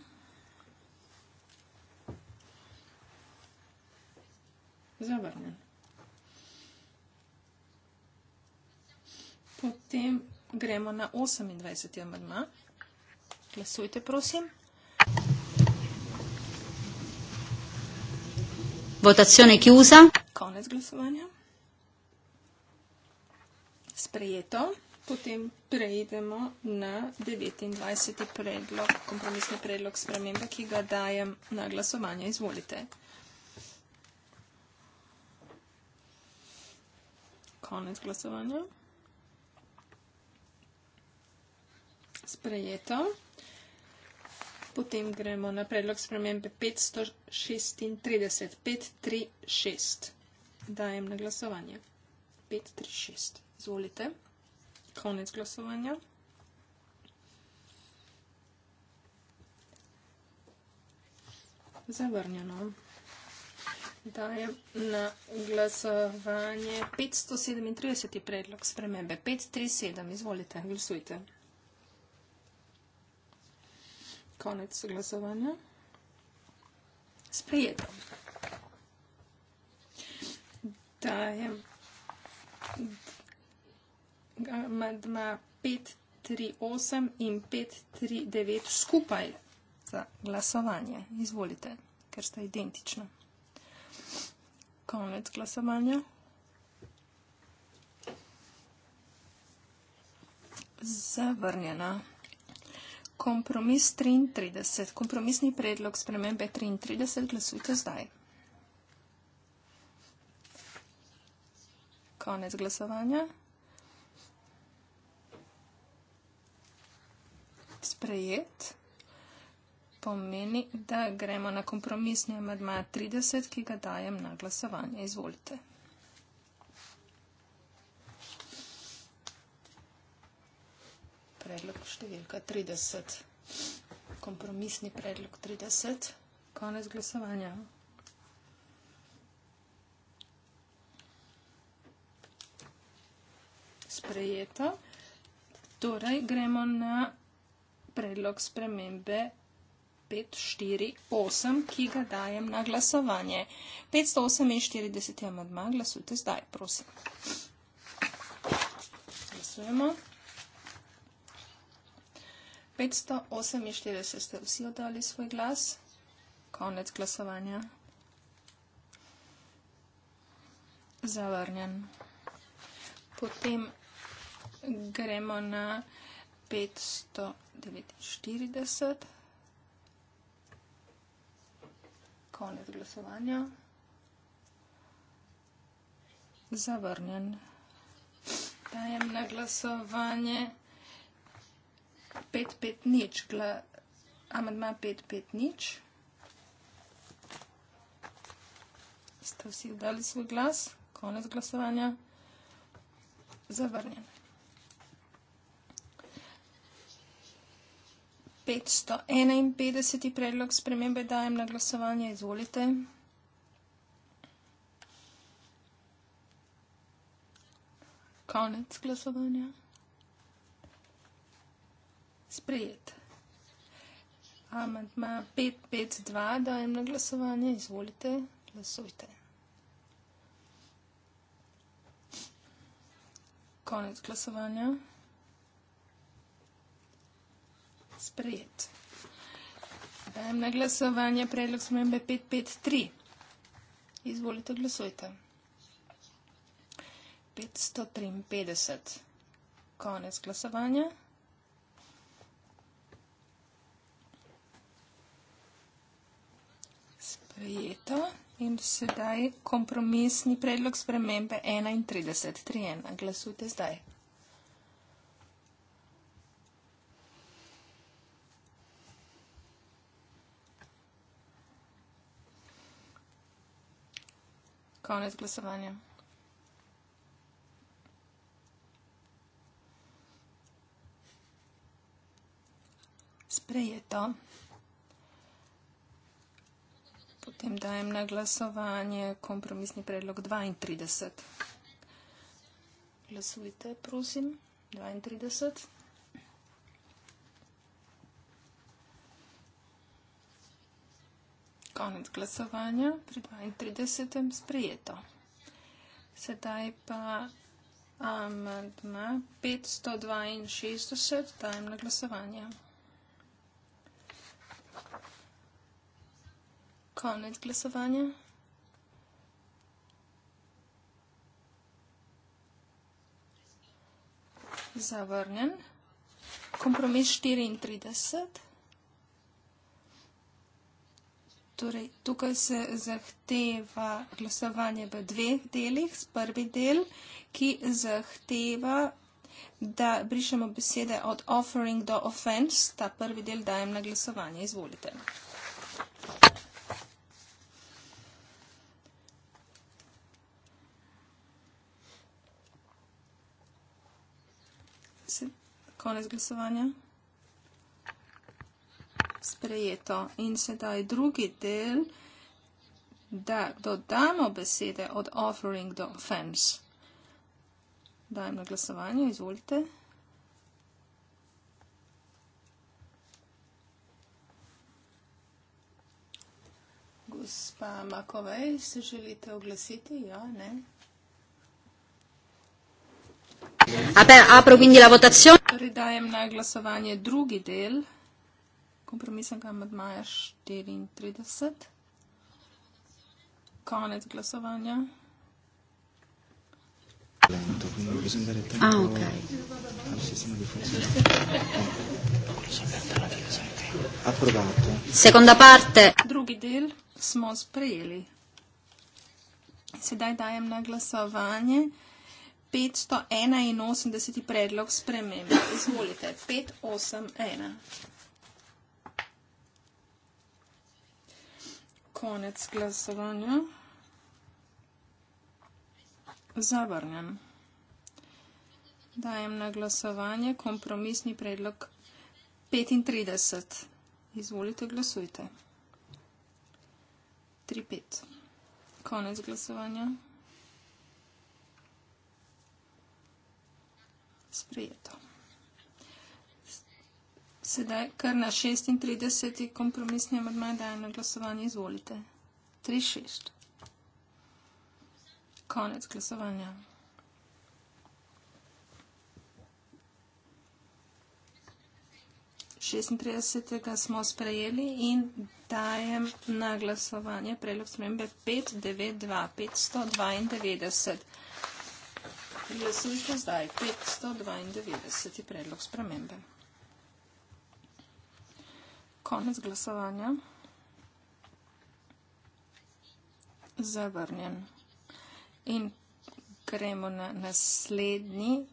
S3: Zavrnjen. Potem gremo na 28. amadma. Glasujte, prosim.
S2: Votazione chiusa.
S3: Konec glasovanja. Sprejeto potem prejdemo na 29. predlog, kompromisni predlog spremembe, ki ga dajem na glasovanje. Izvolite. Konec glasovanja. Sprejeto. Potem gremo na predlog spremembe 536. 536. Dajem na glasovanje. 536. Izvolite. Konec glasovanja. Zavrnjeno. Dajem na glasovanje 537. predlog spremembe. 537. Izvolite, glasujte. Konec glasovanja. Sprejeto. Dajem amadma 538 in 539 skupaj za glasovanje. Izvolite, ker sta identična. Konec glasovanja. Zavrnjena. Kompromis 33. Kompromisni predlog spremembe 33. Glasujte zdaj. Konec glasovanja. sprejet, pomeni, da gremo na kompromisni amadma 30, ki ga dajem na glasovanje. Izvolite. Predlog številka 30. Kompromisni predlog 30. Konec glasovanja. Sprejeto. Torej, gremo na predlog spremembe 548, ki ga dajem na glasovanje. 548 je amadma, glasujte zdaj, prosim. Glasujemo. 548 ste vsi oddali svoj glas. Konec glasovanja. Zavrnjen. Potem gremo na 549. Konec glasovanja. Zavrnjen. Dajem na glasovanje 550. Gla, amedma 550. Ste vsi dali svoj glas? Konec glasovanja. Zavrnjen. 551. predlog spremembe dajem na glasovanje. Izvolite. Konec glasovanja. Sprejet. Amantma 552 dajem na glasovanje. Izvolite. Glasujte. Konec glasovanja sprejet. Na glasovanje predlog smembe 553. Izvolite, glasujte. 553. Konec glasovanja. Sprejeto. In sedaj kompromisni predlog spremembe 31. 31. Glasujte zdaj. Konec glasovanja. Sprejeto. Potem dajem na glasovanje kompromisni predlog 32. Glasujte, prosim. 32. konec glasovanja, pri 32. sprejeto. Sedaj pa amadma 562 dajem na glasovanje. Konec glasovanja. Zavrnjen. Kompromis 34. Torej, tukaj se zahteva glasovanje v dveh delih. Prvi del, ki zahteva, da brišemo besede od offering do offense, ta prvi del dajem na glasovanje. Izvolite. Konec glasovanja sprejeto. In sedaj drugi del, da dodamo besede od offering do offense. Dajem na glasovanje, izvolite. Gospa Makovej, se želite oglasiti? Ja, ne. Apro quindi la votazione. Ridajem torej na glasovanje drugi del kompromisnega amadmaja 34. Konec glasovanja.
S2: Ah, ok. Approvato. Seconda parte.
S3: Drugi del smo sprejeli. Sedaj dajem na glasovanje 581 predlog spremembe. Izvolite, 581. konec glasovanja. Zavrnjen. Dajem na glasovanje kompromisni predlog 35. Izvolite, glasujte. 3-5. Konec glasovanja. Sprijeto. Sedaj kar na 36. kompromisni amandma dajem na glasovanje. Izvolite. 3-6. Konec glasovanja. Šestintridesetega smo sprejeli in dajem na glasovanje predlog spremembe 592. 592. Glasujte zdaj. 592 je predlog spremembe konec glasovanja. Zavrnjen. In gremo na naslednji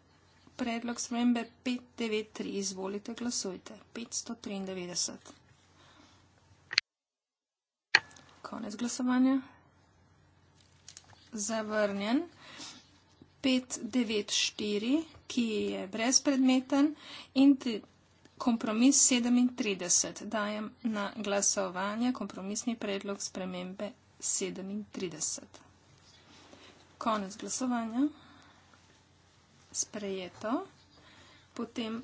S3: predlog spremembe 593. Izvolite, glasujte. 593. Konec glasovanja. Zavrnjen. 594, ki je brezpredmeten. In Kompromis 37 dajem na glasovanje kompromisni predlog spremembe 37. Konec glasovanja. Sprejeto. Potem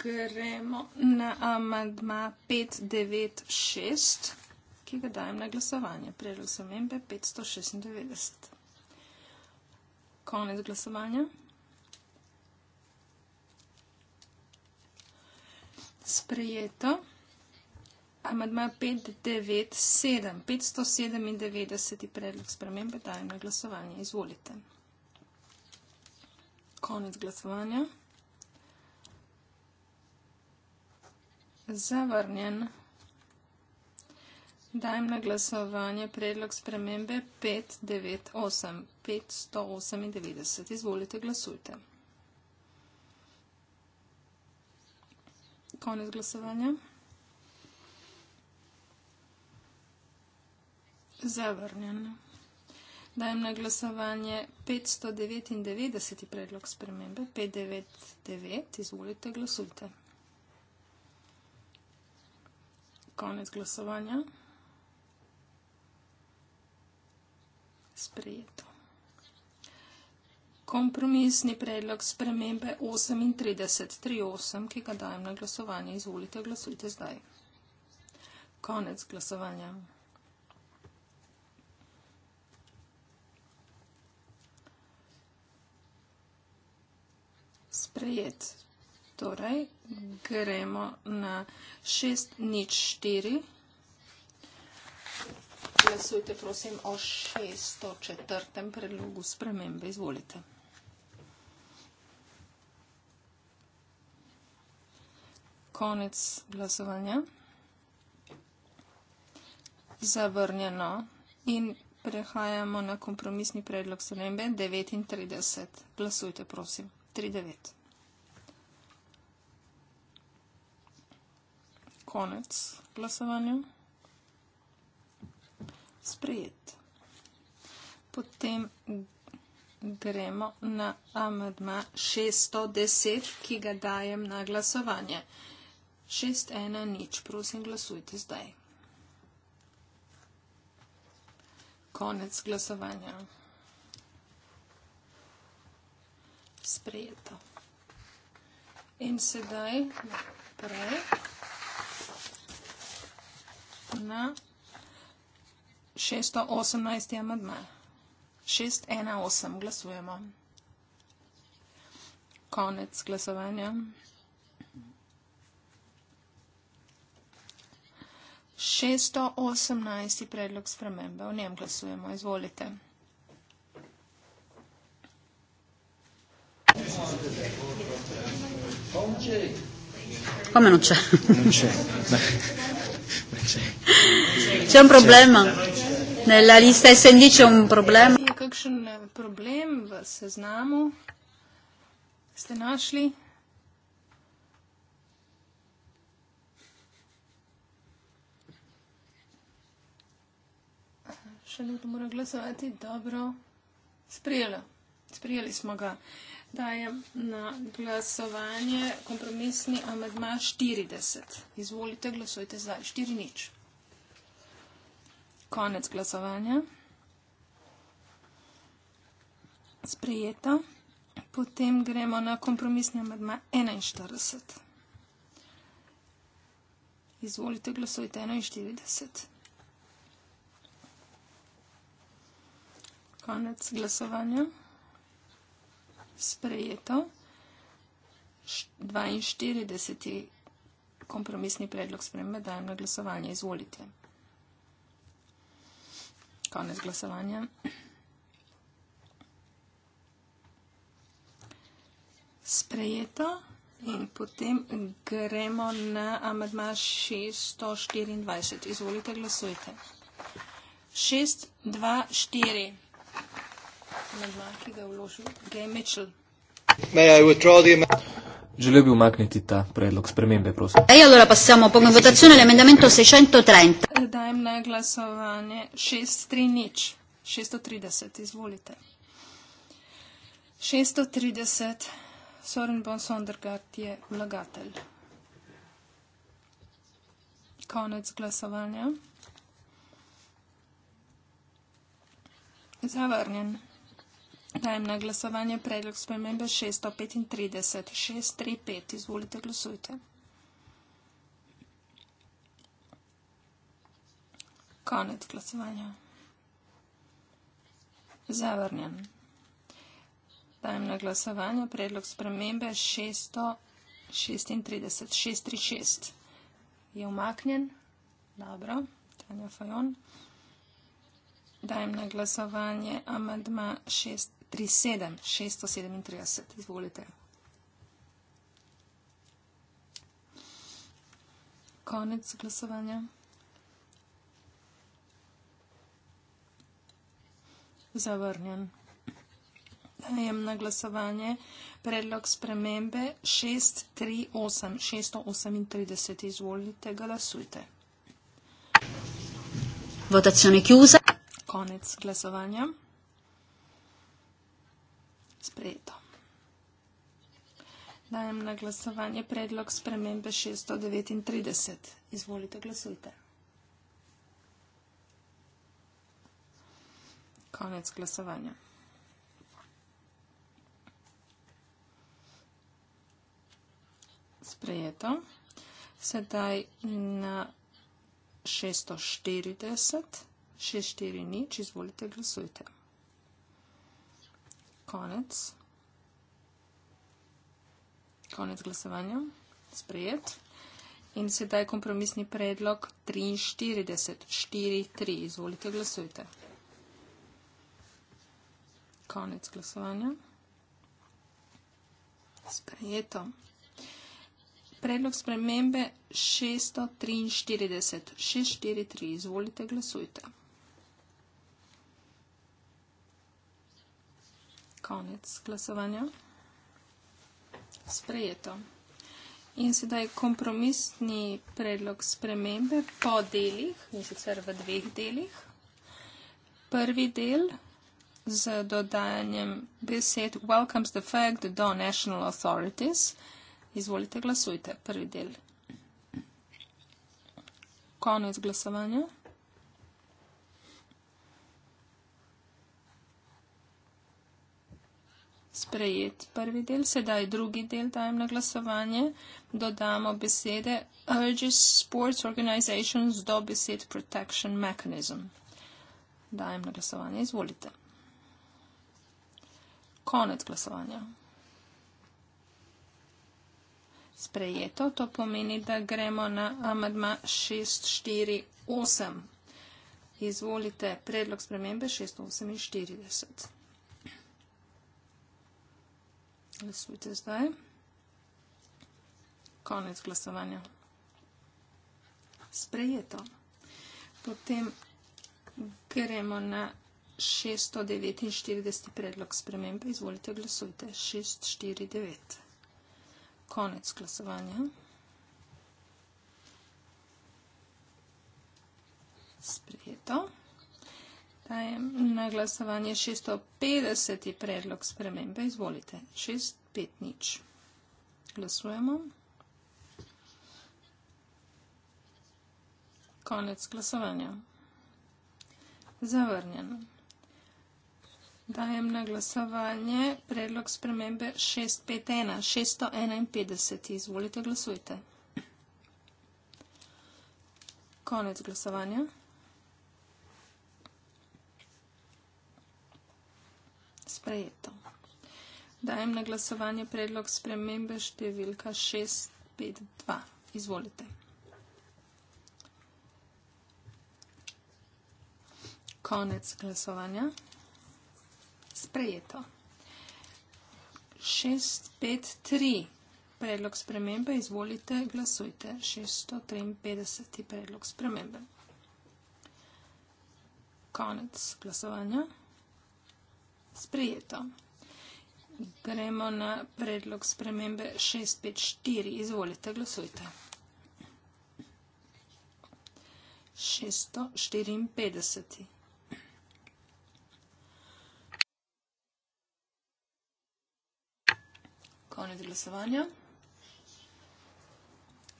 S3: gremo na amadma 596, ki ga dajem na glasovanje. Predlog spremembe 596. Konec glasovanja. sprejeto. Amadma 597, 597 predlog spremembe dajem na glasovanje. Izvolite. Konec glasovanja. Zavrnjen. Dajem na glasovanje predlog spremembe 598, 598. Izvolite, glasujte. 598. konec glasovanja. Zavrnjen. Dajem na glasovanje 599. predlog spremembe. 599. Izvolite, glasujte. Konec glasovanja. Sprejeto kompromisni predlog spremembe 3838, ki ga dajem na glasovanje. Izvolite, glasujte zdaj. Konec glasovanja. Sprejet. Torej, gremo na 604. Glasujte, prosim, o 604. predlogu spremembe. Izvolite. konec glasovanja. Zavrnjeno. In prehajamo na kompromisni predlog spremembe 39. Glasujte, prosim. 39. Konec glasovanja. Sprejet. Potem gremo na amadma 610, ki ga dajem na glasovanje. 610, prosim, glasujte zdaj. Konec glasovanja. Sprejeto. In sedaj naprej na 618. amadma. 618 glasujemo. Konec glasovanja. 618. predlog spremembe. V njem glasujemo. Izvolite. Pomenuče. Če imam problema,
S2: ali ste se nič imam problema?
S3: Je kakšen eh, problem v seznamu? Ste našli? Ne. še nekdo mora glasovati, dobro, sprijelo. sprijeli smo ga. Dajem na glasovanje kompromisni amedma 40. Izvolite, glasujte za 4 nič. Konec glasovanja. Sprijeta. Potem gremo na kompromisni amedma 41. Izvolite, glasujte 41. konec glasovanja. Sprejeto. 42. kompromisni predlog spremembe dajem na glasovanje. Izvolite. Konec glasovanja. Sprejeto in potem gremo na amadma 624. Izvolite, glasujte. 6, 2, 4.
S2: Želel bi umakniti ta predlog spremembe, prosim. E, allora passiamo a pogna votazione l'emendamento 630.
S3: Dajem na glasovanje 630, 630, izvolite. 630, Soren Bonsondergaard je vlagatelj. Konec glasovanja. zavrnjen. Dajem na glasovanje predlog spremembe 635. 635. Izvolite, glasujte. Konec glasovanja. Zavrnjen. Dajem na glasovanje predlog spremembe 636. 636. Je umaknjen. Dobro. Tanja Fajon dajem na glasovanje amadma 637, 637, izvolite. Konec glasovanja. Zavrnjen. Dajem na glasovanje predlog spremembe 638, 638, izvolite, glasujte.
S2: Votazione chiusa
S3: konec glasovanja. Sprejeto. Dajem na glasovanje predlog spremembe 639. Izvolite, glasujte. Konec glasovanja. Sprejeto. Sedaj na 640. 64 nič, izvolite glasujte. Konec. Konec glasovanja. Sprejet. In sedaj kompromisni predlog 43, 4, 3. Izvolite glasujte. Konec glasovanja. Sprejeto. Predlog spremembe 643, 643, izvolite glasujte. konec glasovanja. Sprejeto. In sedaj kompromisni predlog spremembe po delih, in sicer v dveh delih. Prvi del z dodajanjem besed Welcomes the fact do national authorities. Izvolite, glasujte. Prvi del. Konec glasovanja. sprejet prvi del, sedaj drugi del dajem na glasovanje. Dodamo besede Urges Sports Organizations do besed Protection Mechanism. Dajem na glasovanje, izvolite. Konec glasovanja. Sprejeto, to pomeni, da gremo na amadma 648. Izvolite predlog spremembe 648. Glasujte zdaj. Konec glasovanja. Sprejeto. Potem gremo na 649. predlog spremembe. Izvolite, glasujte. 649. Konec glasovanja. Sprejeto. Sprejeto. Dajem na glasovanje 650. predlog spremembe. Izvolite. 65 nič. Glasujemo. Konec glasovanja. Zavrnjeno. Dajem na glasovanje predlog spremembe 651. 651. Izvolite, glasujte. Konec glasovanja. sprejeto. Dajem na glasovanje predlog spremembe številka 652. Izvolite. Konec glasovanja. Sprejeto. 653. Predlog spremembe. Izvolite, glasujte. 653. Predlog spremembe. Konec glasovanja. Sprijeto. Gremo na predlog spremembe 654. Izvolite, glasujte. 654. Konec glasovanja.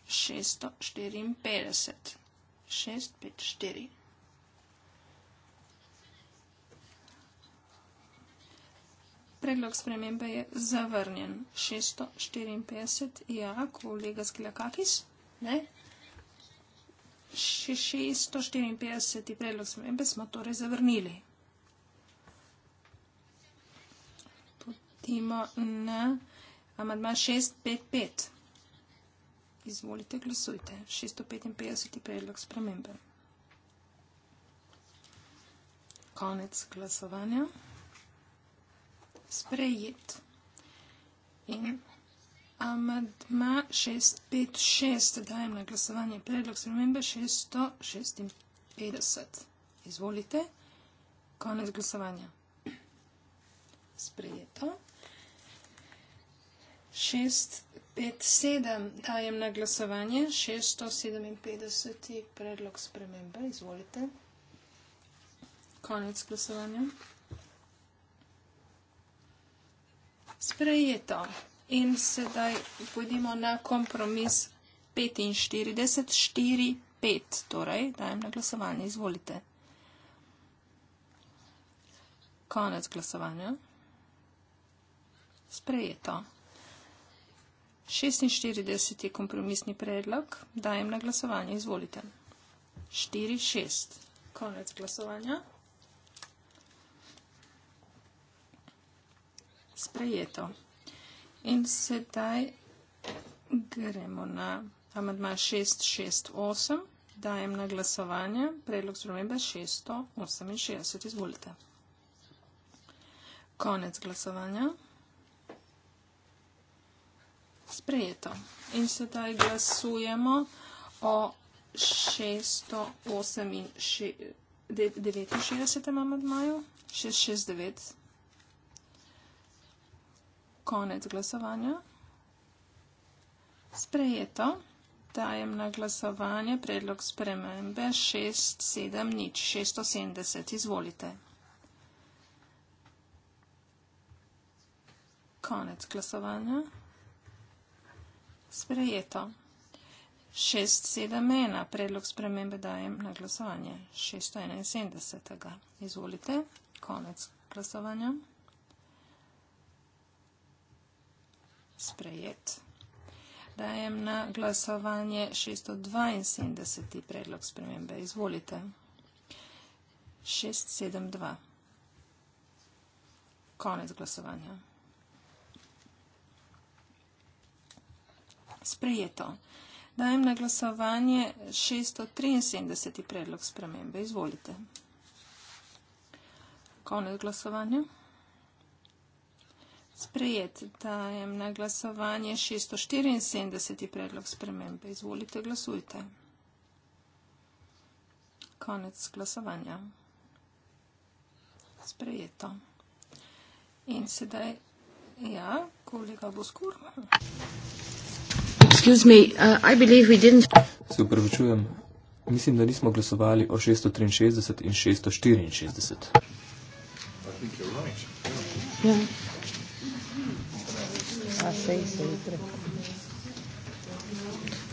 S3: 654. 654. Predlog spremembe je zavrnjen. 654 je ja, kolega Skilakakis. Ne? 654 predlog spremembe smo torej zavrnili. Potimo na amadma 655. Izvolite, glasujte. 655 predlog spremembe. Konec glasovanja sprejet. In amadma 656 dajem na glasovanje predlog spremembe 656. Izvolite. Konec glasovanja. Sprejeto. 657 dajem na glasovanje 657. Predlog spremembe. Izvolite. Konec glasovanja. sprejeto. In sedaj pojdimo na kompromis 45, 4, 5. Torej, dajem na glasovanje, izvolite. Konec glasovanja. Sprejeto. 46 je kompromisni predlog, dajem na glasovanje, izvolite. 4, 6. Konec glasovanja. sprejeto. In sedaj gremo na amadma 668, dajem na glasovanje, predlog zrovembe 668, izvolite. Konec glasovanja. Sprejeto. In sedaj glasujemo o 668 in 69 amadmaju, 669 konec glasovanja. Sprejeto. Dajem na glasovanje predlog spremembe 670. 670. Izvolite. Konec glasovanja. Sprejeto. 671. Predlog spremembe dajem na glasovanje 671. Izvolite. Konec glasovanja. sprejet. Dajem na glasovanje 672. predlog spremembe. Izvolite. 672. Konec glasovanja. Sprejeto. Dajem na glasovanje 673. predlog spremembe. Izvolite. Konec glasovanja. Sprejet dajem na glasovanje 674. predlog spremembe. Izvolite, glasujte. Konec glasovanja. Sprejeto. In sedaj, ja, kolega Boskur. Uh,
S2: Se upravičujem, mislim, da nismo glasovali o 663 in 664.
S3: Ja.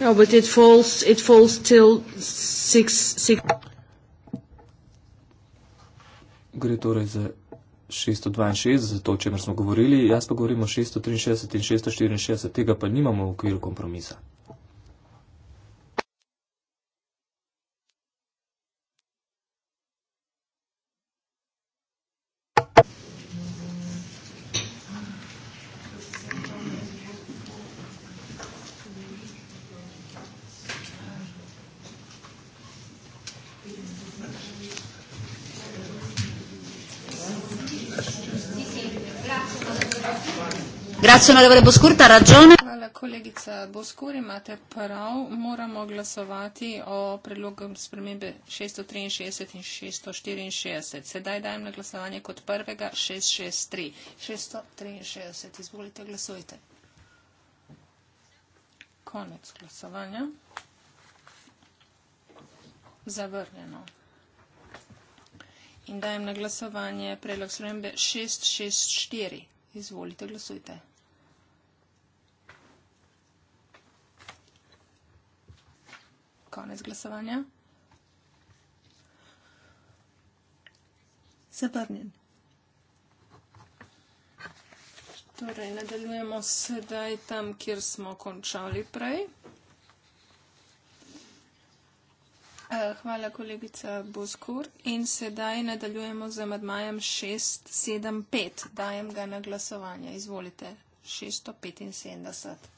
S3: No, but it falls. It falls till six six.
S2: Gre torej za 662, za to, o čemer smo govorili, jaz pa govorimo o 663 in 664, tega pa nimamo v okviru kompromisa.
S3: Grazie onorevole Boscur, ha ragione. Hvala kolegica Boscur, imate prav, moramo glasovati o predlogu spremembe 663 in 664. Sedaj dajem na glasovanje kot prvega 663. 663, izvolite, glasujte. Konec glasovanja. Zavrnjeno. In dajem na glasovanje predlog spremembe 664. Izvolite, glasujte. konec glasovanja. Zavrnjen. Torej, nadaljujemo sedaj tam, kjer smo končali prej. Eh, hvala, kolegica Boskur. In sedaj nadaljujemo z amadmajem 675. Dajem ga na glasovanje. Izvolite. 675.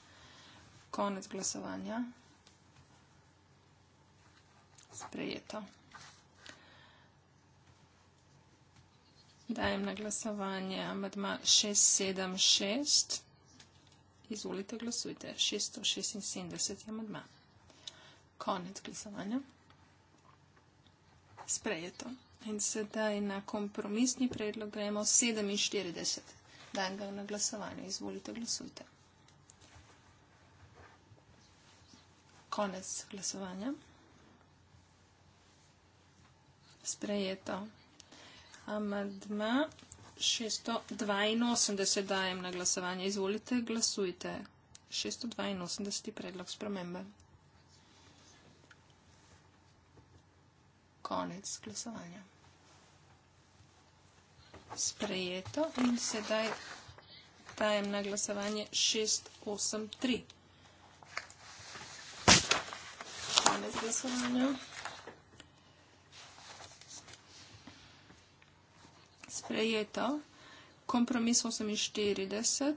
S3: Konec glasovanja sprejeto. Dajem na glasovanje amadma 676. Izvolite, glasujte. 676 je amadma. Konec glasovanja. Sprejeto. In sedaj na kompromisni predlog gremo 47. Dajem ga na glasovanje. Izvolite, glasujte. Konec glasovanja sprejeto. Amadma 682 dajem na glasovanje. Izvolite, glasujte. 682 predlog spremembe. Konec glasovanja. Sprejeto in sedaj dajem na glasovanje 683. Konec glasovanja. sprejeta. Kompromis 48.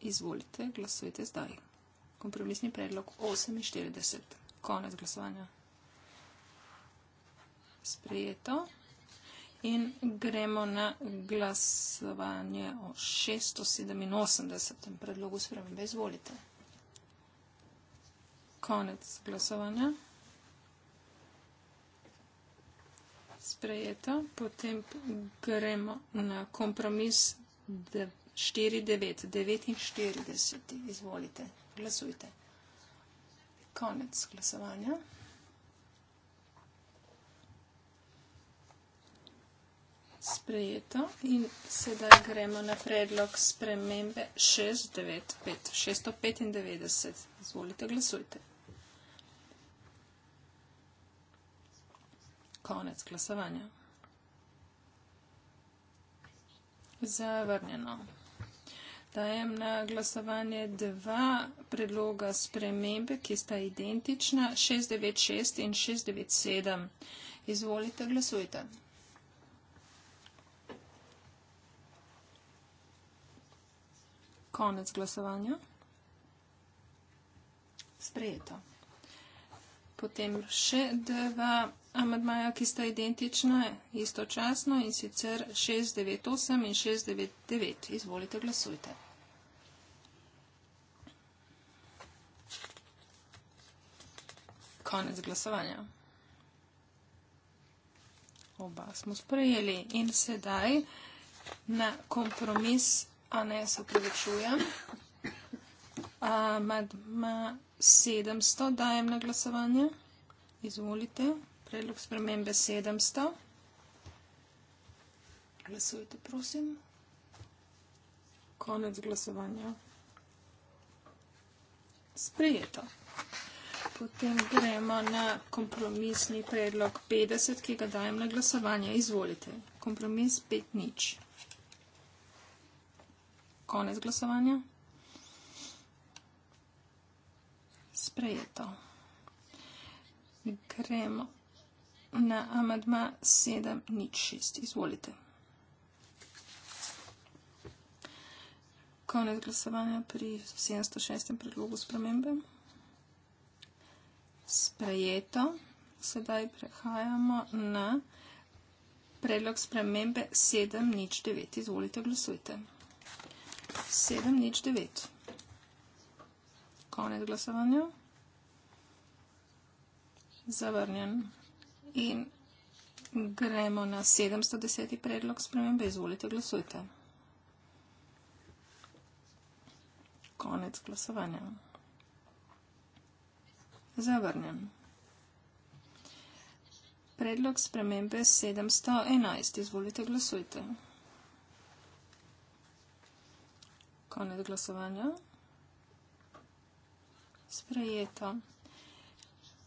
S3: Izvolite, glasujte zdaj. Kompromisni predlog 48. Konec glasovanja. Sprejeto. In gremo na glasovanje o 687. predlogu spremembe. Izvolite. Konec glasovanja. sprejeto, potem gremo na kompromis 4.9.49. Izvolite, glasujte. Konec glasovanja. Sprejeto in sedaj gremo na predlog spremembe 695. Izvolite, glasujte. konec glasovanja. Zavrnjeno. Dajem na glasovanje dva predloga spremembe, ki sta identična, 696 in 697. Izvolite, glasujte. Konec glasovanja. Sprejeto. Potem še dva amadmaja, ki sta identična, istočasno in sicer 698 in 699. Izvolite, glasujte. Konec glasovanja. Oba smo sprejeli in sedaj na kompromis, a ne se upravičujem. Amadma 700 dajem na glasovanje. Izvolite. Predlog spremembe 700. Glasujte, prosim. Konec glasovanja. Sprejeto. Potem gremo na kompromisni predlog 50, ki ga dajem na glasovanje. Izvolite. Kompromis 5 nič. Konec glasovanja. Sprejeto. Gremo na amadma 706. Izvolite. Konec glasovanja pri 706. predlogu spremembe. Sprejeto. Sedaj prehajamo na predlog spremembe 709. Izvolite, glasujte. 709. Konec glasovanja. Zavrnjen in gremo na 710. predlog spremembe. Izvolite, glasujte. Konec glasovanja. Zavrnjen. Predlog spremembe 711. Izvolite, glasujte. Konec glasovanja. Sprejeto.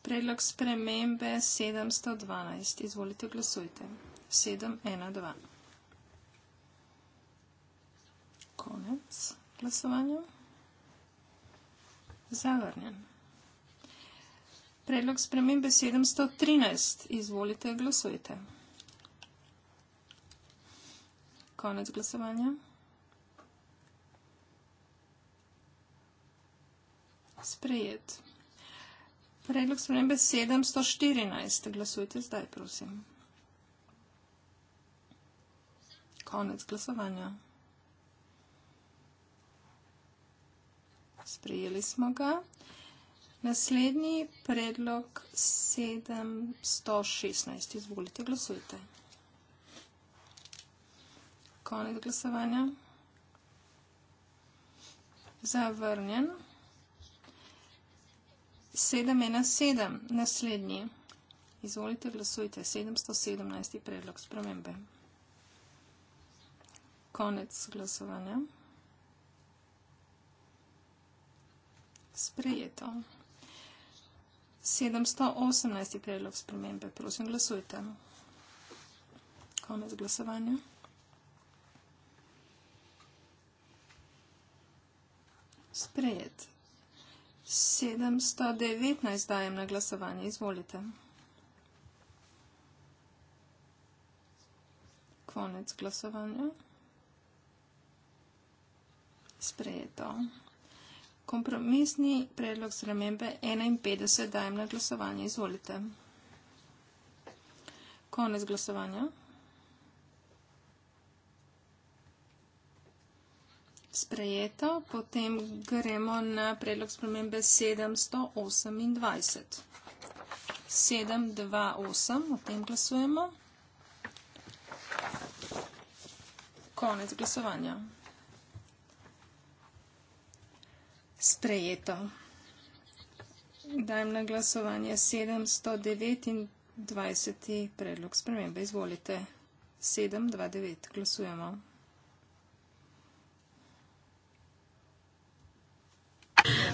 S3: Predlog spremembe 712. Izvolite, glasujte. 712. Konec glasovanja. Zavrnjen. Predlog spremembe 713. Izvolite, glasujte. Konec glasovanja. Sprejet. Predlog spremembe 714. Glasujte zdaj, prosim. Konec glasovanja. Sprejeli smo ga. Naslednji predlog 716. Izvolite, glasujte. Konec glasovanja. Zavrnjen. 717, naslednji. Izvolite, glasujte. 717. predlog spremembe. Konec glasovanja. Sprejeto. 718. predlog spremembe. Prosim, glasujte. Konec glasovanja. Sprejeto. 719 dajem na glasovanje. Izvolite. Konec glasovanja. Sprejeto. Kompromisni predlog spremembe 51 dajem na glasovanje. Izvolite. Konec glasovanja. sprejeto, potem gremo na predlog spremembe 728. 728, o tem glasujemo. Konec glasovanja. Sprejeto. Dajem na glasovanje 729 predlog spremembe. Izvolite. 729, glasujemo.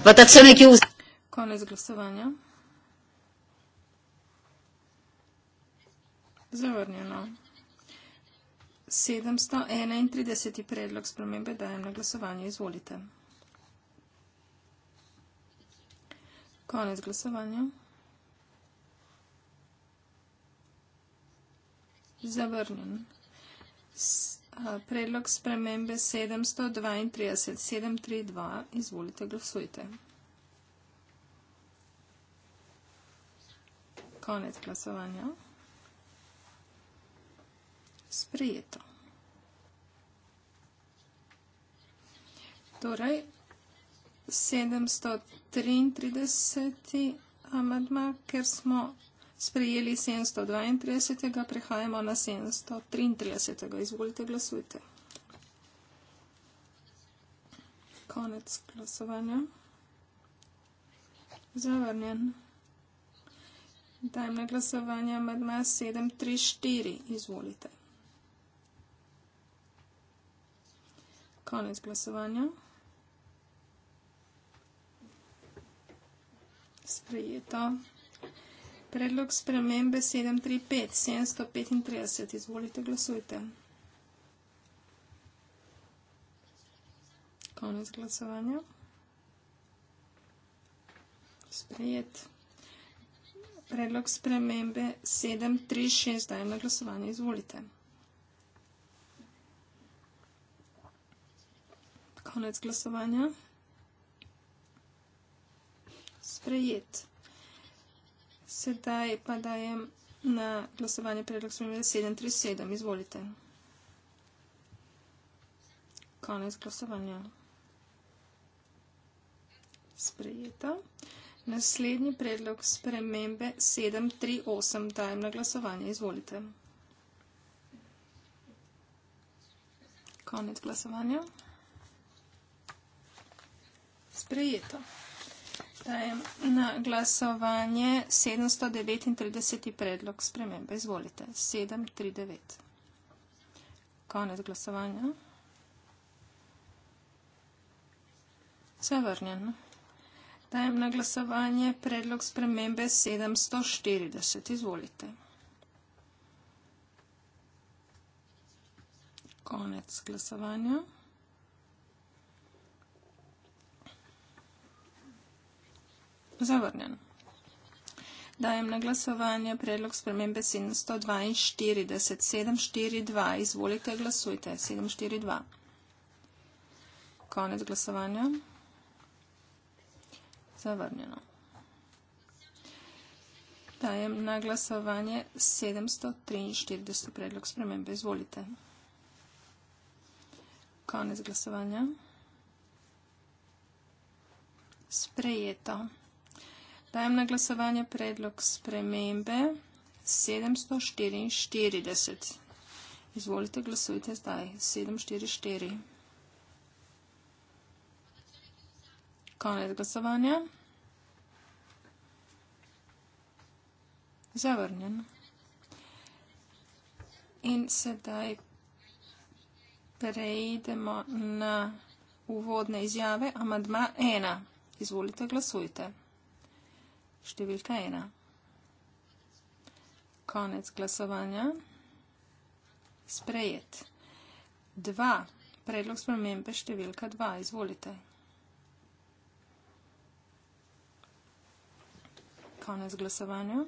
S2: Votazione chiusa.
S3: Con le sglossovania. Zavrnjeno. 731 predlog spremembe dajem na glasovanje. Izvolite. Konec glasovanja. Zavrnjen predlog spremembe 732, 732, izvolite, glasujte. Konec glasovanja. Sprijeto. Torej, 733. amadma, ker smo sprejeli 732, prehajamo na 733. Izvolite, glasujte. Konec glasovanja. Zavrnjen. Dajem na glasovanje med ma 734. Izvolite. Konec glasovanja. Sprejeto. Predlog spremembe 735, 735, izvolite, glasujte. Konec glasovanja. Sprejet. Predlog spremembe 736, dajem na glasovanje, izvolite. Konec glasovanja. Sprejet. Sedaj pa dajem na glasovanje predlog spremembe 737. Izvolite. Konec glasovanja. Sprejeto. Naslednji predlog spremembe 738 dajem na glasovanje. Izvolite. Konec glasovanja. Sprejeto. Dajem na glasovanje 739. predlog spremembe. Izvolite. 739. Konec glasovanja. Zavrnjen. Dajem na glasovanje predlog spremembe 740. Izvolite. Konec glasovanja. Zavrnjen. Dajem na glasovanje predlog spremembe 742. 742. Izvolite, glasujte. 742. Konec glasovanja. Zavrnjeno. Dajem na glasovanje 743. predlog spremembe. Izvolite. Konec glasovanja. Sprejeto. Dajem na glasovanje predlog spremembe 744. Izvolite, glasujte zdaj. 744. Konec glasovanja. Zavrnjen. In sedaj prejdemo na uvodne izjave. Amadma 1. Izvolite, glasujte številka ena. Konec glasovanja. Sprejet. Dva. Predlog spremembe številka dva. Izvolite. Konec glasovanja.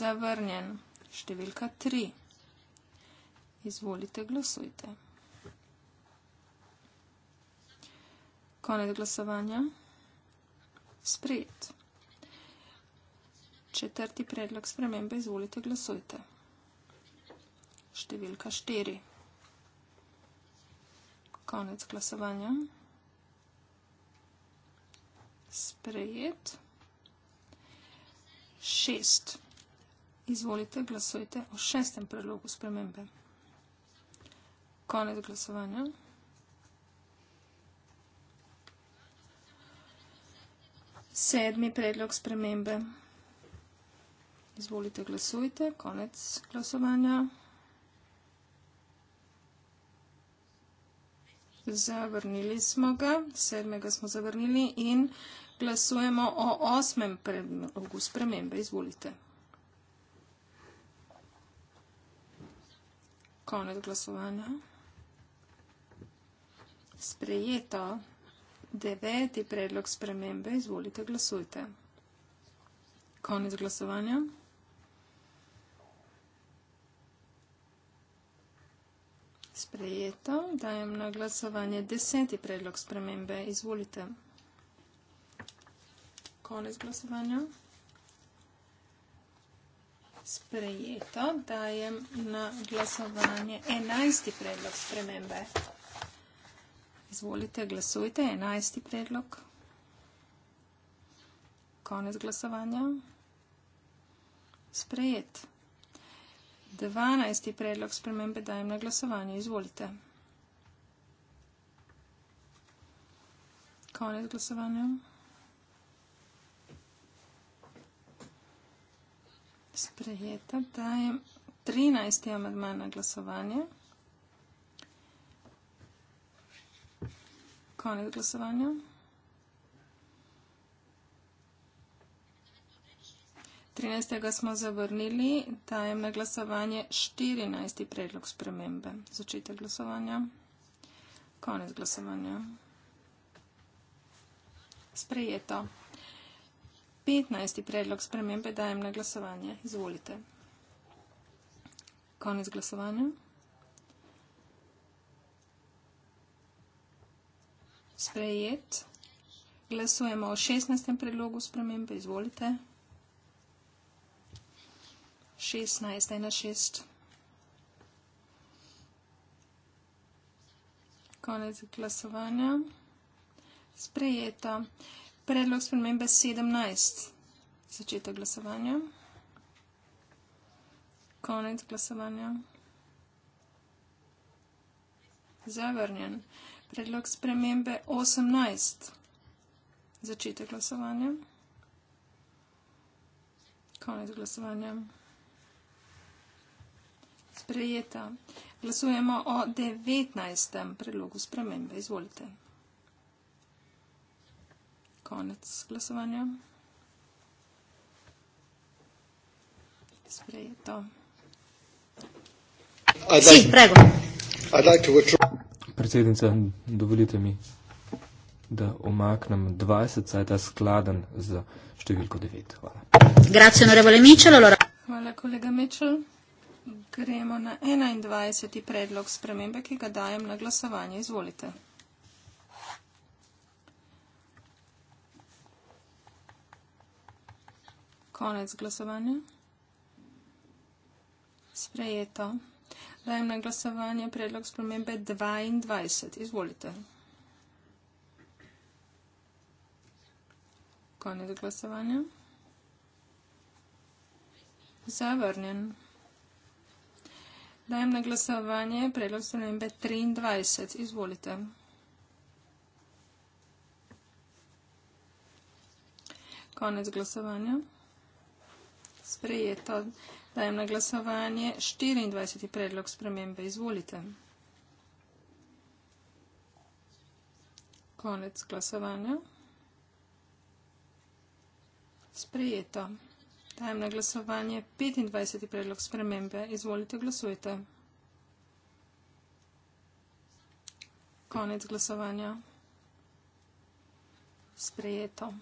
S3: Zavrnjen. Številka tri. Izvolite, glasujte. Konec glasovanja. Sprejet. Četrti predlog spremembe izvolite glasujte. Številka 4. Konec glasovanja. Sprejet. Šest. Izvolite, glasujte o šestem predlogu spremembe. Konec glasovanja. Sedmi predlog spremembe. Izvolite, glasujte. Konec glasovanja. Zavrnili smo ga, sedmega smo zavrnili in glasujemo o osmem predlogu spremembe. Izvolite. Konec glasovanja. Sprejeto deveti predlog spremembe. Izvolite, glasujte. Konec glasovanja. sprejeto. Dajem na glasovanje deseti predlog spremembe. Izvolite. Konec glasovanja. Sprejeto. Dajem na glasovanje enajsti predlog spremembe. Izvolite, glasujte. Enajsti predlog. Konec glasovanja. Sprejeto. 12. predlog spremembe dajem na glasovanje. Izvolite. Konec glasovanja. Sprejeta dajem 13. amadman na glasovanje. Konec glasovanja. 13. smo zavrnili, dajem na glasovanje 14. predlog spremembe. Začetek glasovanja. Konec glasovanja. Sprejeto. 15. predlog spremembe dajem na glasovanje. Izvolite. Konec glasovanja. Sprejet. Glasujemo o 16. predlogu spremembe. Izvolite. Izvolite. 16, 1, 6. Konec glasovanja. Sprejeta. Predlog spremembe 17. Začetek glasovanja. Konec glasovanja. Zavrnjen. Predlog spremembe 18. Začetek glasovanja. Konec glasovanja. Sprejeta. Glasujemo o 19. predlogu spremembe. Izvolite. Konec glasovanja. Sprejeto. Si, prego.
S2: Predsednica, dovolite mi, da omaknem 20, saj je ta skladen za številko 9. Hvala. Grazie, onorevole Mičel.
S3: Hvala, kolega Mičel. Gremo na 21. predlog spremembe, ki ga dajem na glasovanje. Izvolite. Konec glasovanja. Sprejeto. Dajem na glasovanje predlog spremembe 22. Izvolite. Konec glasovanja. Zavrnjen. Dajem na glasovanje predlog spremembe 23. Izvolite. Konec glasovanja. Sprejeto. Dajem na glasovanje 24. predlog spremembe. Izvolite. Konec glasovanja. Sprejeto. Dajem na glasovanje 25. predlog spremembe. Izvolite, glasujte. Konec glasovanja. Sprejeto.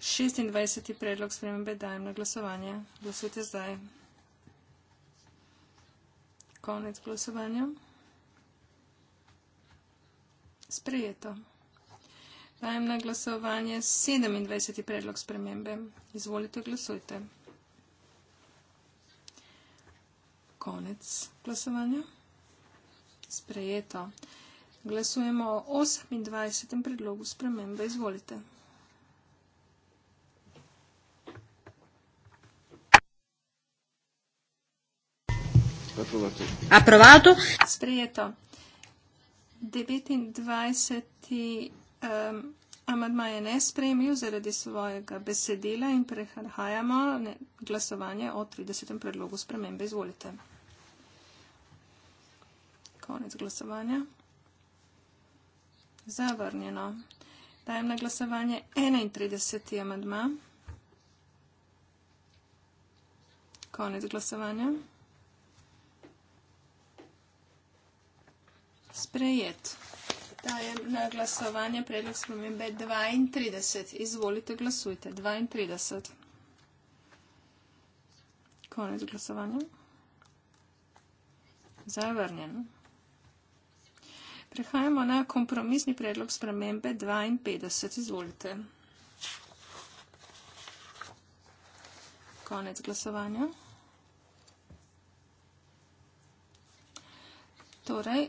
S3: 26. predlog spremembe dajem na glasovanje. Glasujte zdaj. Konec glasovanja. Sprejeto. Dajem na glasovanje 27. predlog spremembe. Izvolite, glasujte. Konec glasovanja. Sprejeto. Glasujemo o 28. predlogu spremembe. Izvolite. Aprovato. Aprovato. Sprejeto. 29 um, amadma je ne spremil zaradi svojega besedila in prehajamo ne, glasovanje o 30. predlogu spremembe. Izvolite. Konec glasovanja. Zavrnjeno. Dajem na glasovanje 31. amadma. Konec glasovanja. Sprejet. Dajem na glasovanje predlog spremembe 32. Izvolite, glasujte. 32. Konec glasovanja. Zavrnjen. Prehajamo na kompromisni predlog spremembe 52. Izvolite. Konec glasovanja. Torej,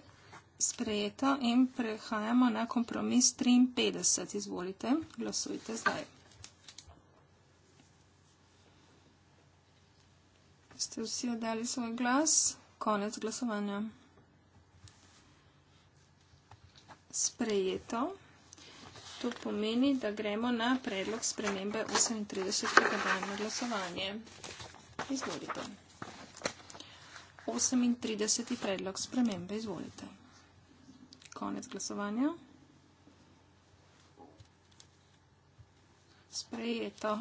S3: sprejeto in prehajamo na kompromis 53. Izvolite, glasujte zdaj. Ste vsi oddali svoj glas? Konec glasovanja. Sprejeto. To pomeni, da gremo na predlog spremembe 38. dajno glasovanje. Izvolite. 38. predlog spremembe. Izvolite konec glasovanja. Sprejeto.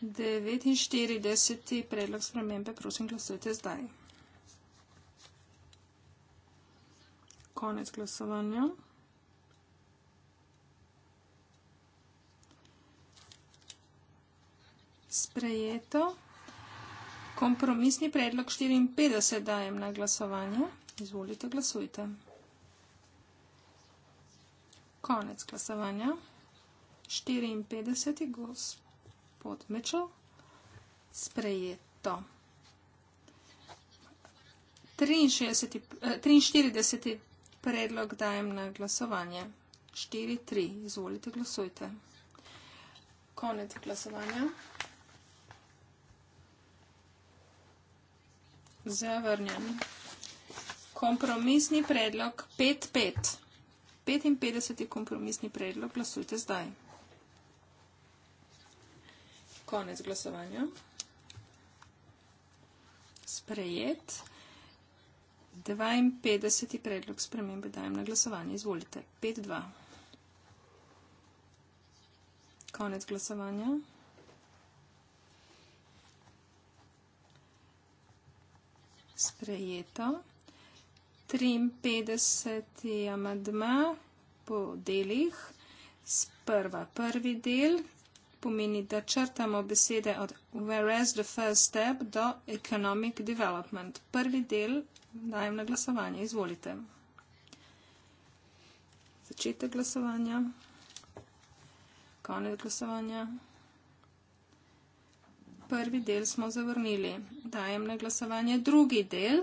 S3: 49. predlog spremembe, prosim, glasujte zdaj. Konec glasovanja. Sprejeto. Kompromisni predlog 54 dajem na glasovanje. Izvolite, glasujte. Konec glasovanja. 54 je gospod Mitchell sprejeto. 63, 43 eh, predlog dajem na glasovanje. 4, 3, izvolite, glasujte. Konec glasovanja. Zavrnjen. Kompromisni predlog 5-5. 55. kompromisni predlog glasujte zdaj. Konec glasovanja. Sprejet. 52. predlog spremembe dajem na glasovanje. Izvolite. 5-2. Konec glasovanja. Sprejeto. 53. amadma po delih. Sprva prvi del pomeni, da črtamo besede od whereas the first step do economic development. Prvi del dajem na glasovanje. Izvolite. Začetek glasovanja. Konec glasovanja. Prvi del smo zavrnili. Dajem na glasovanje drugi del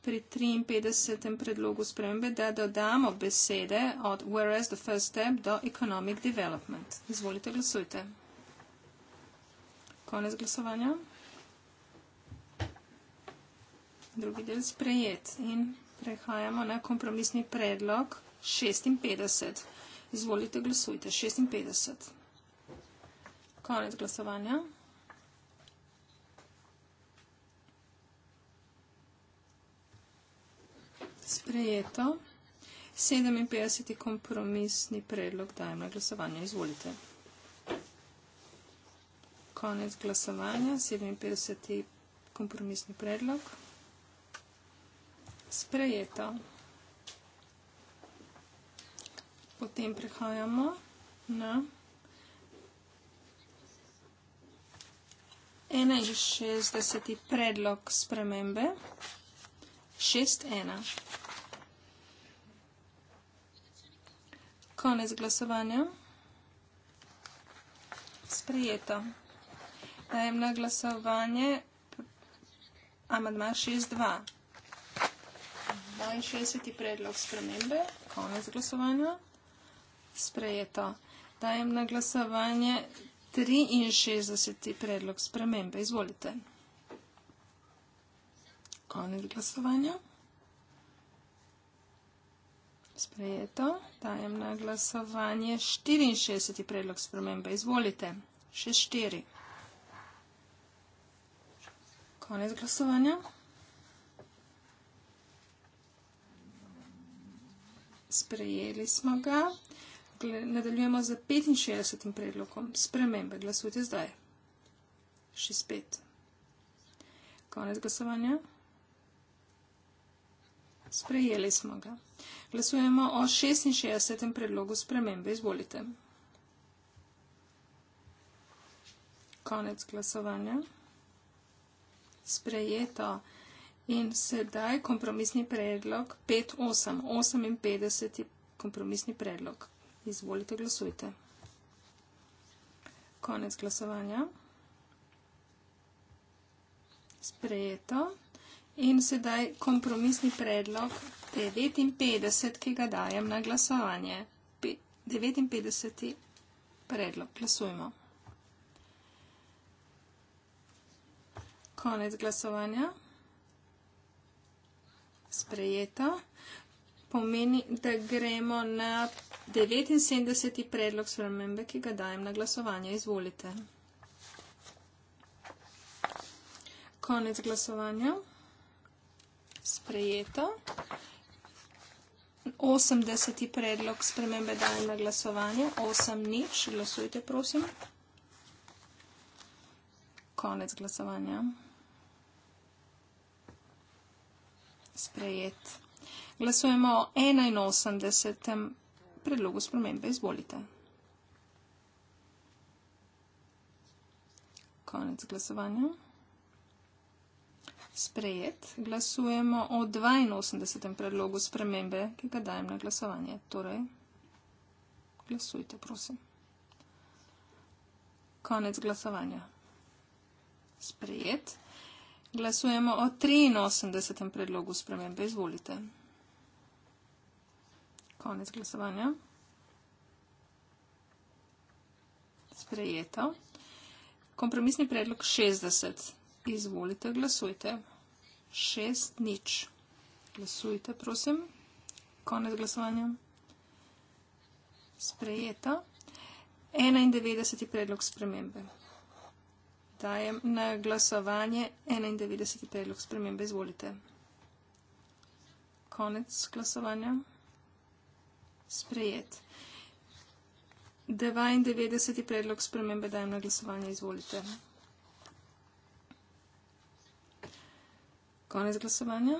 S3: pri 53. predlogu spremembe, da dodamo besede od whereas the first step do economic development. Izvolite, glasujte. Konec glasovanja. Drugi del sprejet in prehajamo na kompromisni predlog 56. Izvolite, glasujte. 56. Konec glasovanja. Sprejeto. 57. kompromisni predlog dajem na glasovanje. Izvolite. Konec glasovanja. 57. kompromisni predlog. Sprejeto. Potem prehajamo na 61. predlog spremembe šest ena. Konec glasovanja. Sprejeto. Dajem na glasovanje amadma 6.2. 62. predlog spremembe. Konec glasovanja. Sprejeto. Dajem na glasovanje 63. predlog spremembe. Izvolite konec glasovanja. Sprejeto. Dajem na glasovanje 64. predlog spremembe. Izvolite. Še štiri. Konec glasovanja. Sprejeli smo ga. Nadaljujemo z 65. predlogom spremembe. Glasujte zdaj. Še spet. Konec glasovanja. Sprejeli smo ga. Glasujemo o 66. predlogu spremembe. Izvolite. Konec glasovanja. Sprejeto. In sedaj kompromisni predlog 5858 je kompromisni predlog. Izvolite, glasujte. Konec glasovanja. Sprejeto. In sedaj kompromisni predlog 59, ki ga dajem na glasovanje. 59. predlog. Glasujmo. Konec glasovanja. Sprejeto. Pomeni, da gremo na 79. predlog spremembe, ki ga dajem na glasovanje. Izvolite. Konec glasovanja sprejeto. 80. predlog spremembe dajem na glasovanje. 8 nič. Glasujte, prosim. Konec glasovanja. Sprejet. Glasujemo o 81. predlogu spremembe. Izvolite. Konec glasovanja sprejet, glasujemo o 82. predlogu spremembe, ki ga dajem na glasovanje. Torej, glasujte, prosim. Konec glasovanja. Sprejet. Glasujemo o 83. predlogu spremembe. Izvolite. Konec glasovanja. Sprejeto. Kompromisni predlog 60. Izvolite, glasujte. Šest nič. Glasujte, prosim. Konec glasovanja. Sprejeta. 91. predlog spremembe. Dajem na glasovanje 91. predlog spremembe. Izvolite. Konec glasovanja. Sprejet. 92. predlog spremembe dajem na glasovanje. Izvolite. Konec glasovanja.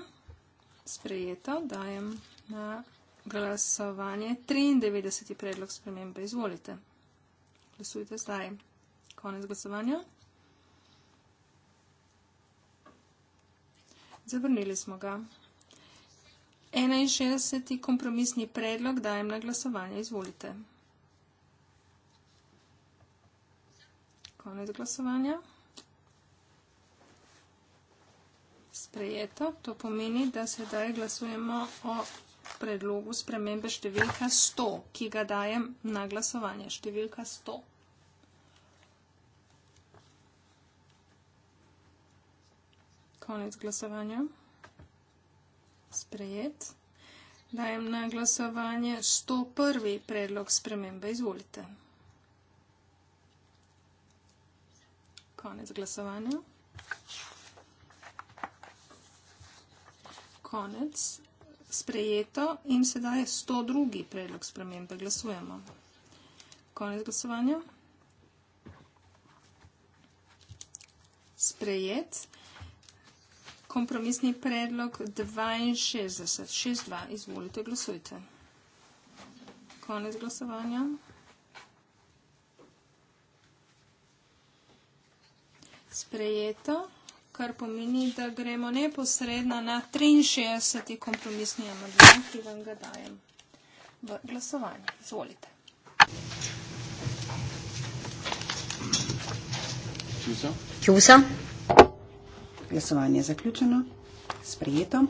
S3: Sprejeto, dajem na glasovanje 93. predlog spremembe. Izvolite. Glasujte zdaj. Konec glasovanja. Zavrnili smo ga. 61. kompromisni predlog dajem na glasovanje. Izvolite. Konec glasovanja. sprejeto. To pomeni, da sedaj glasujemo o predlogu spremembe številka 100, ki ga dajem na glasovanje. Številka 100. Konec glasovanja. Sprejet. Dajem na glasovanje 101. predlog spremembe. Izvolite. Konec glasovanja. konec, sprejeto in sedaj je 102. predlog spremembe. Glasujemo. Konec glasovanja. Sprejet. Kompromisni predlog 62. 62. Izvolite, glasujte. Konec glasovanja. Sprejeto kar pomeni, da gremo neposredno na 63. kompromisni amandma, ki vam ga dajem v glasovanje. Izvolite.
S1: Kjusa. Glasovanje je zaključeno, sprejeto.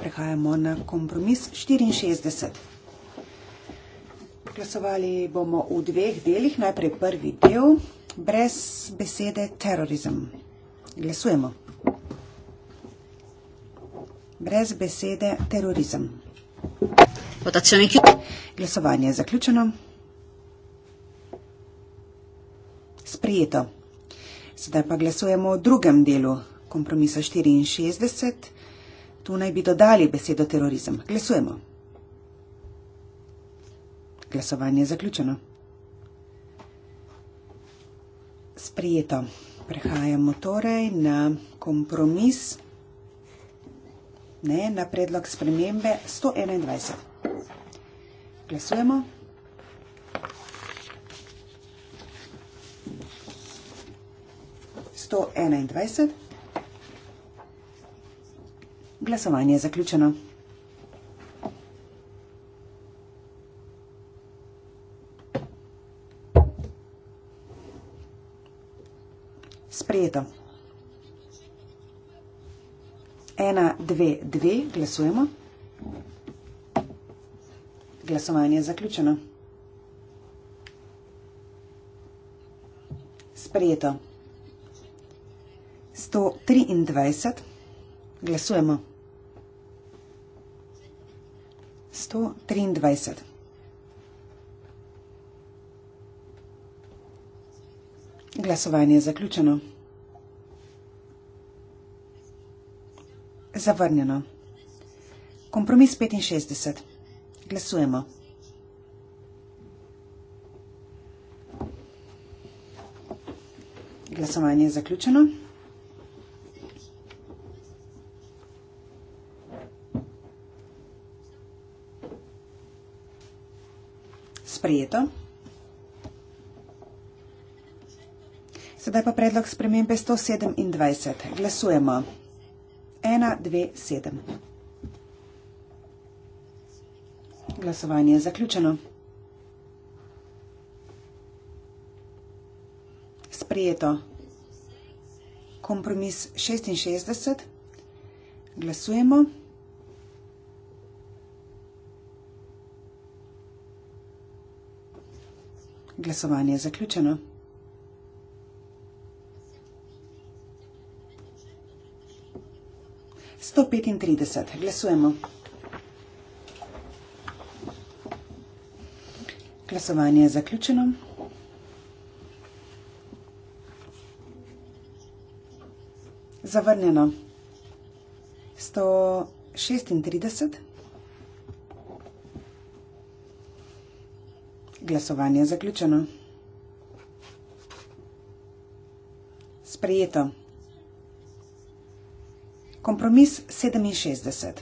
S1: Prehajamo na kompromis 64. Glasovali bomo v dveh delih. Najprej prvi del brez besede terorizem. Glasujemo. Brez besede terorizem. Votazione chiusa. Glasovanje je zaključeno. Sprijeto. Sedaj pa glasujemo o drugem delu kompromisa 64. Tu naj bi dodali besedo terorizem. Glasujemo. Glasovanje je zaključeno. Sprijeto. Prehajamo torej na kompromis, ne na predlog spremembe 121. Glasujemo. Sto enaindvajset. Glasovanje je zaključeno. sprejeto. 1, 2, 2, glasujemo. Glasovanje je zaključeno. Sprejeto. 123, glasujemo. 123. Glasovanje je zaključeno. Zavrnjeno. Kompromis 65. Glasujemo. Glasovanje je zaključeno. Sprejeto. Sedaj pa predlog spremembe 127. Glasujemo. 1-2-7. Glasovanje je zaključeno. Sprijeto. Kompromis 66. Glasujemo. Glasovanje je zaključeno. 135. Glasujemo. Glasovanje je zaključeno. Zavrnjeno. 136. Glasovanje je zaključeno. Sprejeto. Kompromis 67.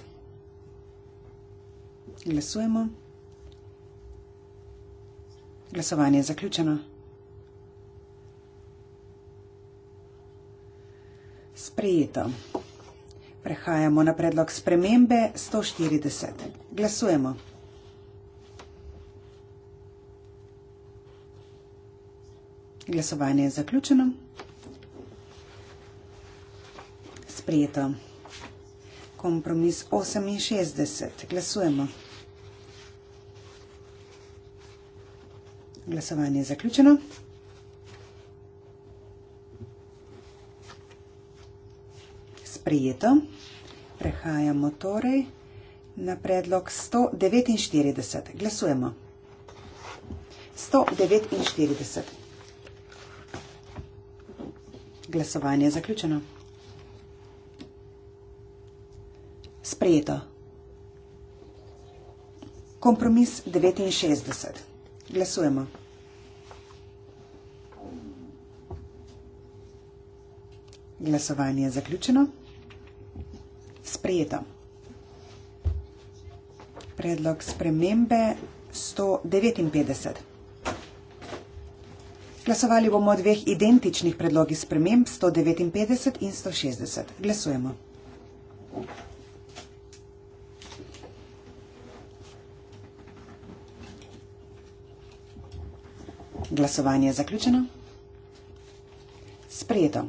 S1: Glasujemo. Glasovanje je zaključeno. Sprejeto. Prehajamo na predlog spremembe 140. Glasujemo. Glasovanje je zaključeno. Sprejeto kompromis 68. Glasujemo. Glasovanje je zaključeno. Sprijeto. Prehajamo torej na predlog 149. Glasujemo. 149. Glasovanje je zaključeno. sprejeto. Kompromis 69. Glasujemo. Glasovanje je zaključeno. Sprejeto. Predlog spremembe 159. Glasovali bomo o dveh identičnih predlogih sprememb 159 in 160. Glasujemo. Thank you. Glasovanje je zaključeno. Sprejeto.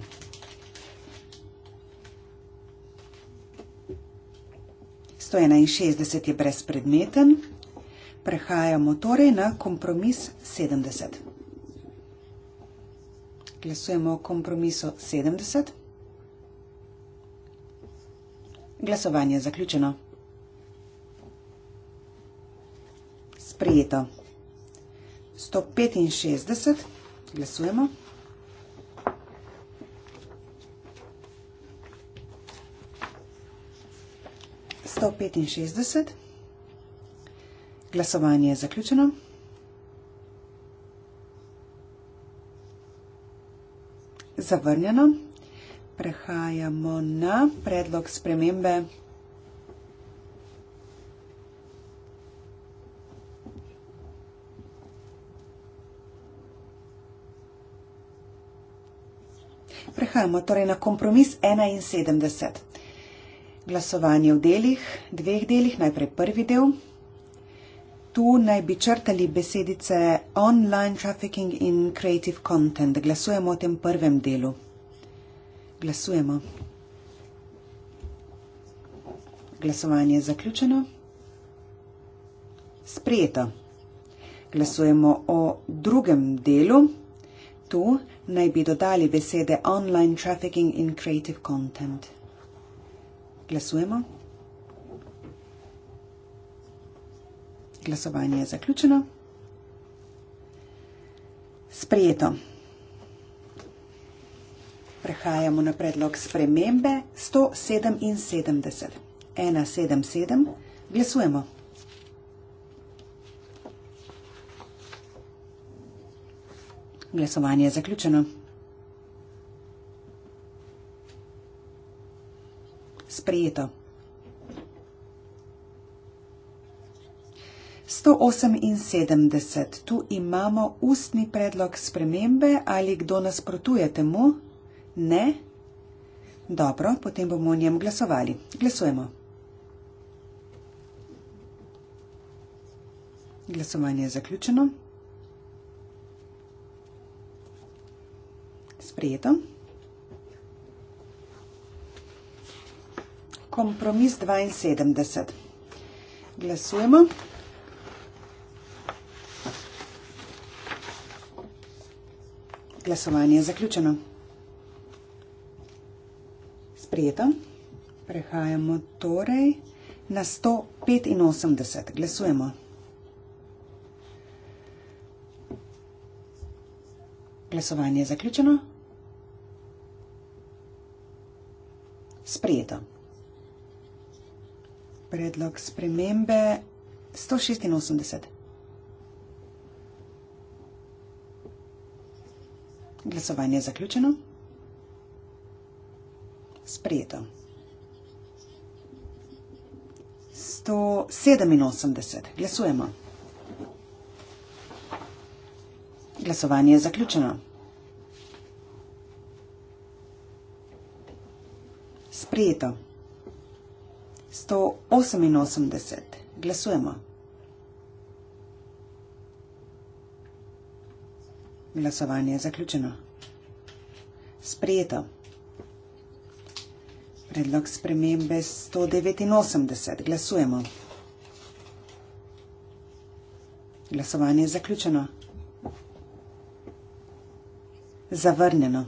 S1: Sto enainšestdeset je brezpredmeten. Prehajamo torej na kompromis sedemdeset. Glasujemo o kompromisu sedemdeset. Glasovanje je zaključeno. Sprejeto. 165, glasujemo. Glasovanje je zaključeno. Zavrnjeno. Prehajamo na predlog spremembe. prihajamo torej na kompromis 71. Glasovanje v delih, dveh delih, najprej prvi del. Tu naj bi črtali besedice online trafficking in creative content. Glasujemo o tem prvem delu. Glasujemo. Glasovanje je zaključeno. Sprijeto. Glasujemo o drugem delu. Tu naj bi dodali besede online trafficking in creative content. Glasujemo. Glasovanje je zaključeno. Sprijeto. Prehajamo na predlog spremembe 177. 177. Glasujemo. Glasovanje je zaključeno. Sprejeto. 178. Tu imamo ustni predlog spremembe ali kdo nasprotuje temu? Ne. Dobro, potem bomo o njem glasovali. Glasujemo. Glasovanje je zaključeno. sprejeto. Kompromis 72. Glasujemo. Glasovanje je zaključeno. Sprejeto. Prehajamo torej na 185. Glasujemo. Glasovanje je zaključeno. sprejeta. Predlog spremembe 186. Glasovanje je zaključeno. Sprejeto. 187. Glasujemo. Glasovanje je zaključeno. Sprijeto. 188. Glasujemo. Glasovanje je zaključeno. Sprijeto. Predlog spremembe 189. Glasujemo. Glasovanje je zaključeno. Zavrnjeno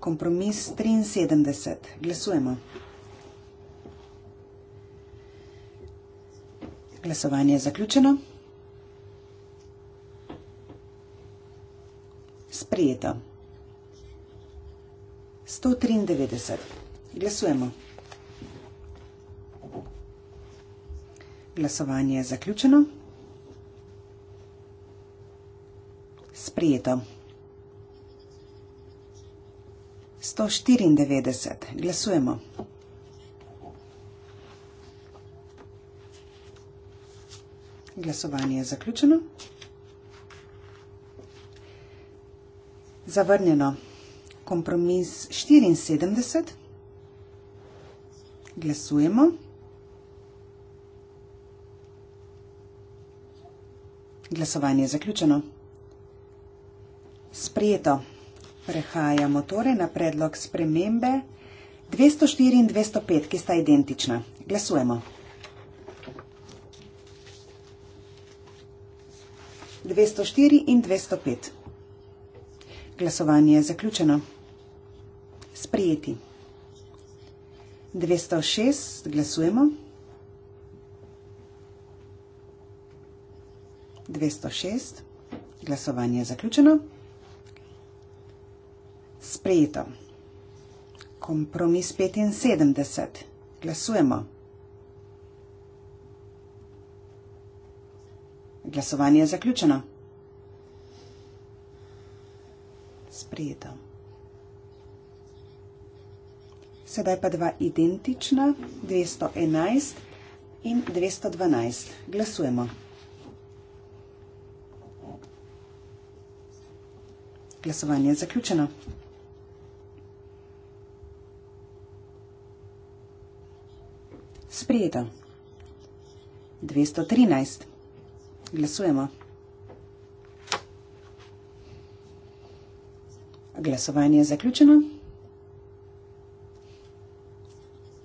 S1: kompromis 73. Glasujemo. Glasovanje je zaključeno. Sprijeto. 193. Glasujemo. Glasovanje je zaključeno. Sprijeto. 193. 194. Glasujemo. Glasovanje je zaključeno. Zavrnjeno. Kompromis 74. Glasujemo. Glasovanje je zaključeno. Sprijeto. Prehajamo torej na predlog spremembe 204 in 205, ki sta identična. Glasujemo. 204 in 205. Glasovanje je zaključeno. Sprijeti. 206. Glasujemo. 206. Glasovanje je zaključeno sprejeto. Kompromis 75. Glasujemo. Glasovanje je zaključeno. Sprejeto. Sedaj pa dva identična, 211 in 212. Glasujemo. Glasovanje je zaključeno. sprejeto. 213. Glasujemo. Glasovanje je zaključeno.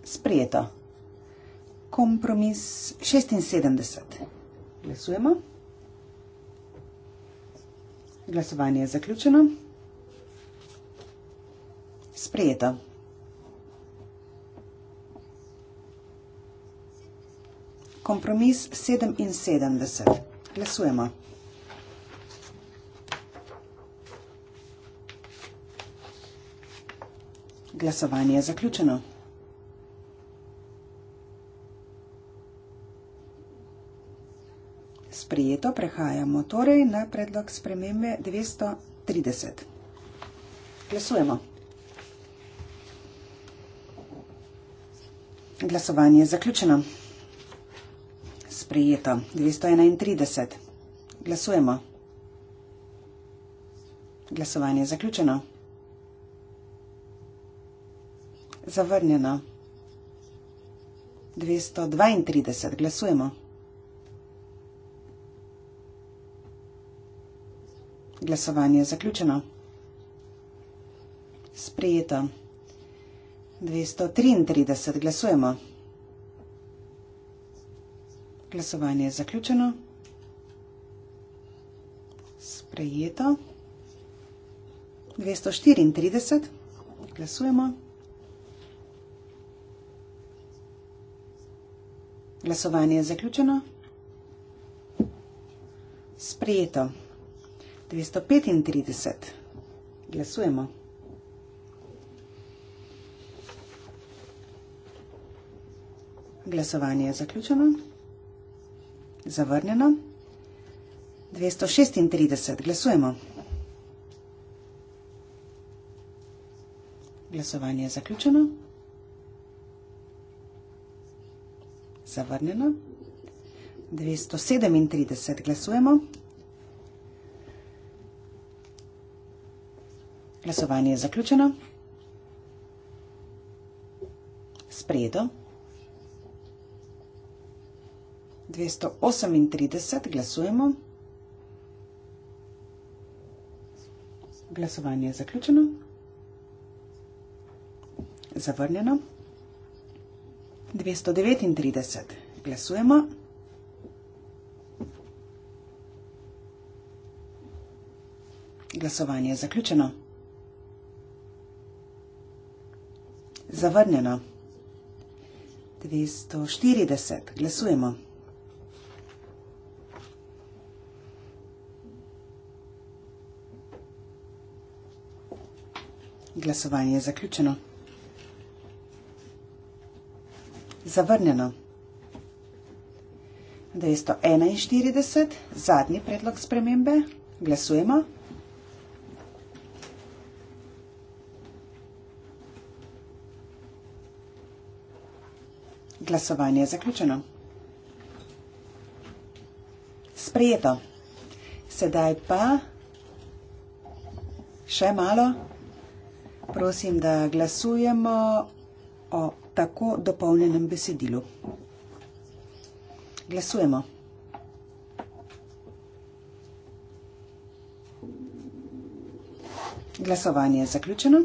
S1: Sprejeto. Kompromis 76. Glasujemo. Glasovanje je zaključeno. Sprejeto. kompromis 77. Glasujemo. Glasovanje je zaključeno. Sprijeto prehajamo torej na predlog spremembe 230. Glasujemo. Glasovanje je zaključeno sprejeta. 231. Glasujemo. Glasovanje je zaključeno. Zavrnjeno. 232. Glasujemo. Glasovanje je zaključeno. Sprejeto. 233. Glasujemo. Glasovanje je zaključeno. Sprejeto. 234. Glasujemo. Glasovanje je zaključeno. Sprejeto. 235. Glasujemo. Glasovanje je zaključeno. Zavrnjeno. 236. Glasujemo. Glasovanje je zaključeno. Zavrnjeno. 237. Glasujemo. Glasovanje je zaključeno. Sprejeto. 238, glasujemo. Glasovanje je zaključeno. Zavrnjeno. 239, glasujemo. Glasovanje je zaključeno. Zavrnjeno. 240, glasujemo. Glasovanje je zaključeno. Zavrnjeno. 241, zadnji predlog spremembe. Glasujemo. Glasovanje je zaključeno. Sprejeto. Sedaj pa še malo prosim, da glasujemo o tako dopolnjenem besedilu. Glasujemo. Glasovanje je zaključeno.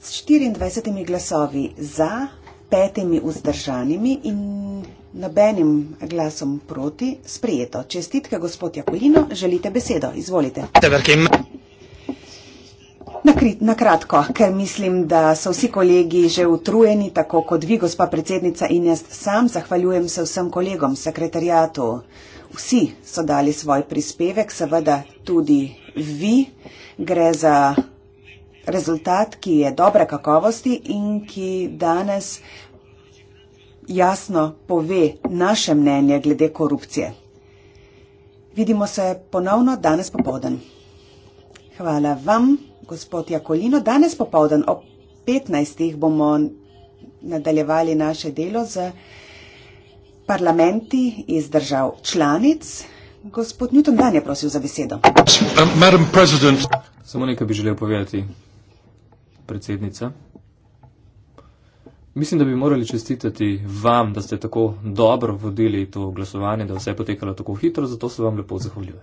S1: S 24 glasovi za, petimi vzdržanimi in Nobenim glasom proti, sprijeto. Čestitke, gospod Jakolino, želite besedo, izvolite. Na kratko, ker mislim, da so vsi kolegi že utrujeni, tako kot vi, gospa predsednica, in jaz sam zahvaljujem se vsem kolegom, sekretarijatu. Vsi so dali svoj prispevek, seveda tudi vi. Gre za rezultat, ki je dobre kakovosti in ki danes jasno pove naše mnenje glede korupcije. Vidimo se ponovno danes popovdan. Hvala vam, gospod Jakolino. Danes popovdan ob 15. bomo nadaljevali naše delo z parlamenti iz držav članic. Gospod Newton Dan je prosil za besedo.
S2: Um, Samo nekaj bi želel povedati, predsednica. Mislim, da bi morali čestitati vam, da ste tako dobro vodili to glasovanje, da vse je potekalo
S1: tako hitro, zato se vam lepo zahvaljujem.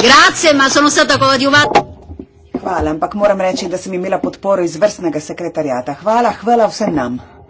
S1: Grazie, ma sono stata coadiuvata. Hvala, ampak moram reči, da sem imela podporo izvrstnega sekretarjata. Hvala, hvala vsem nam.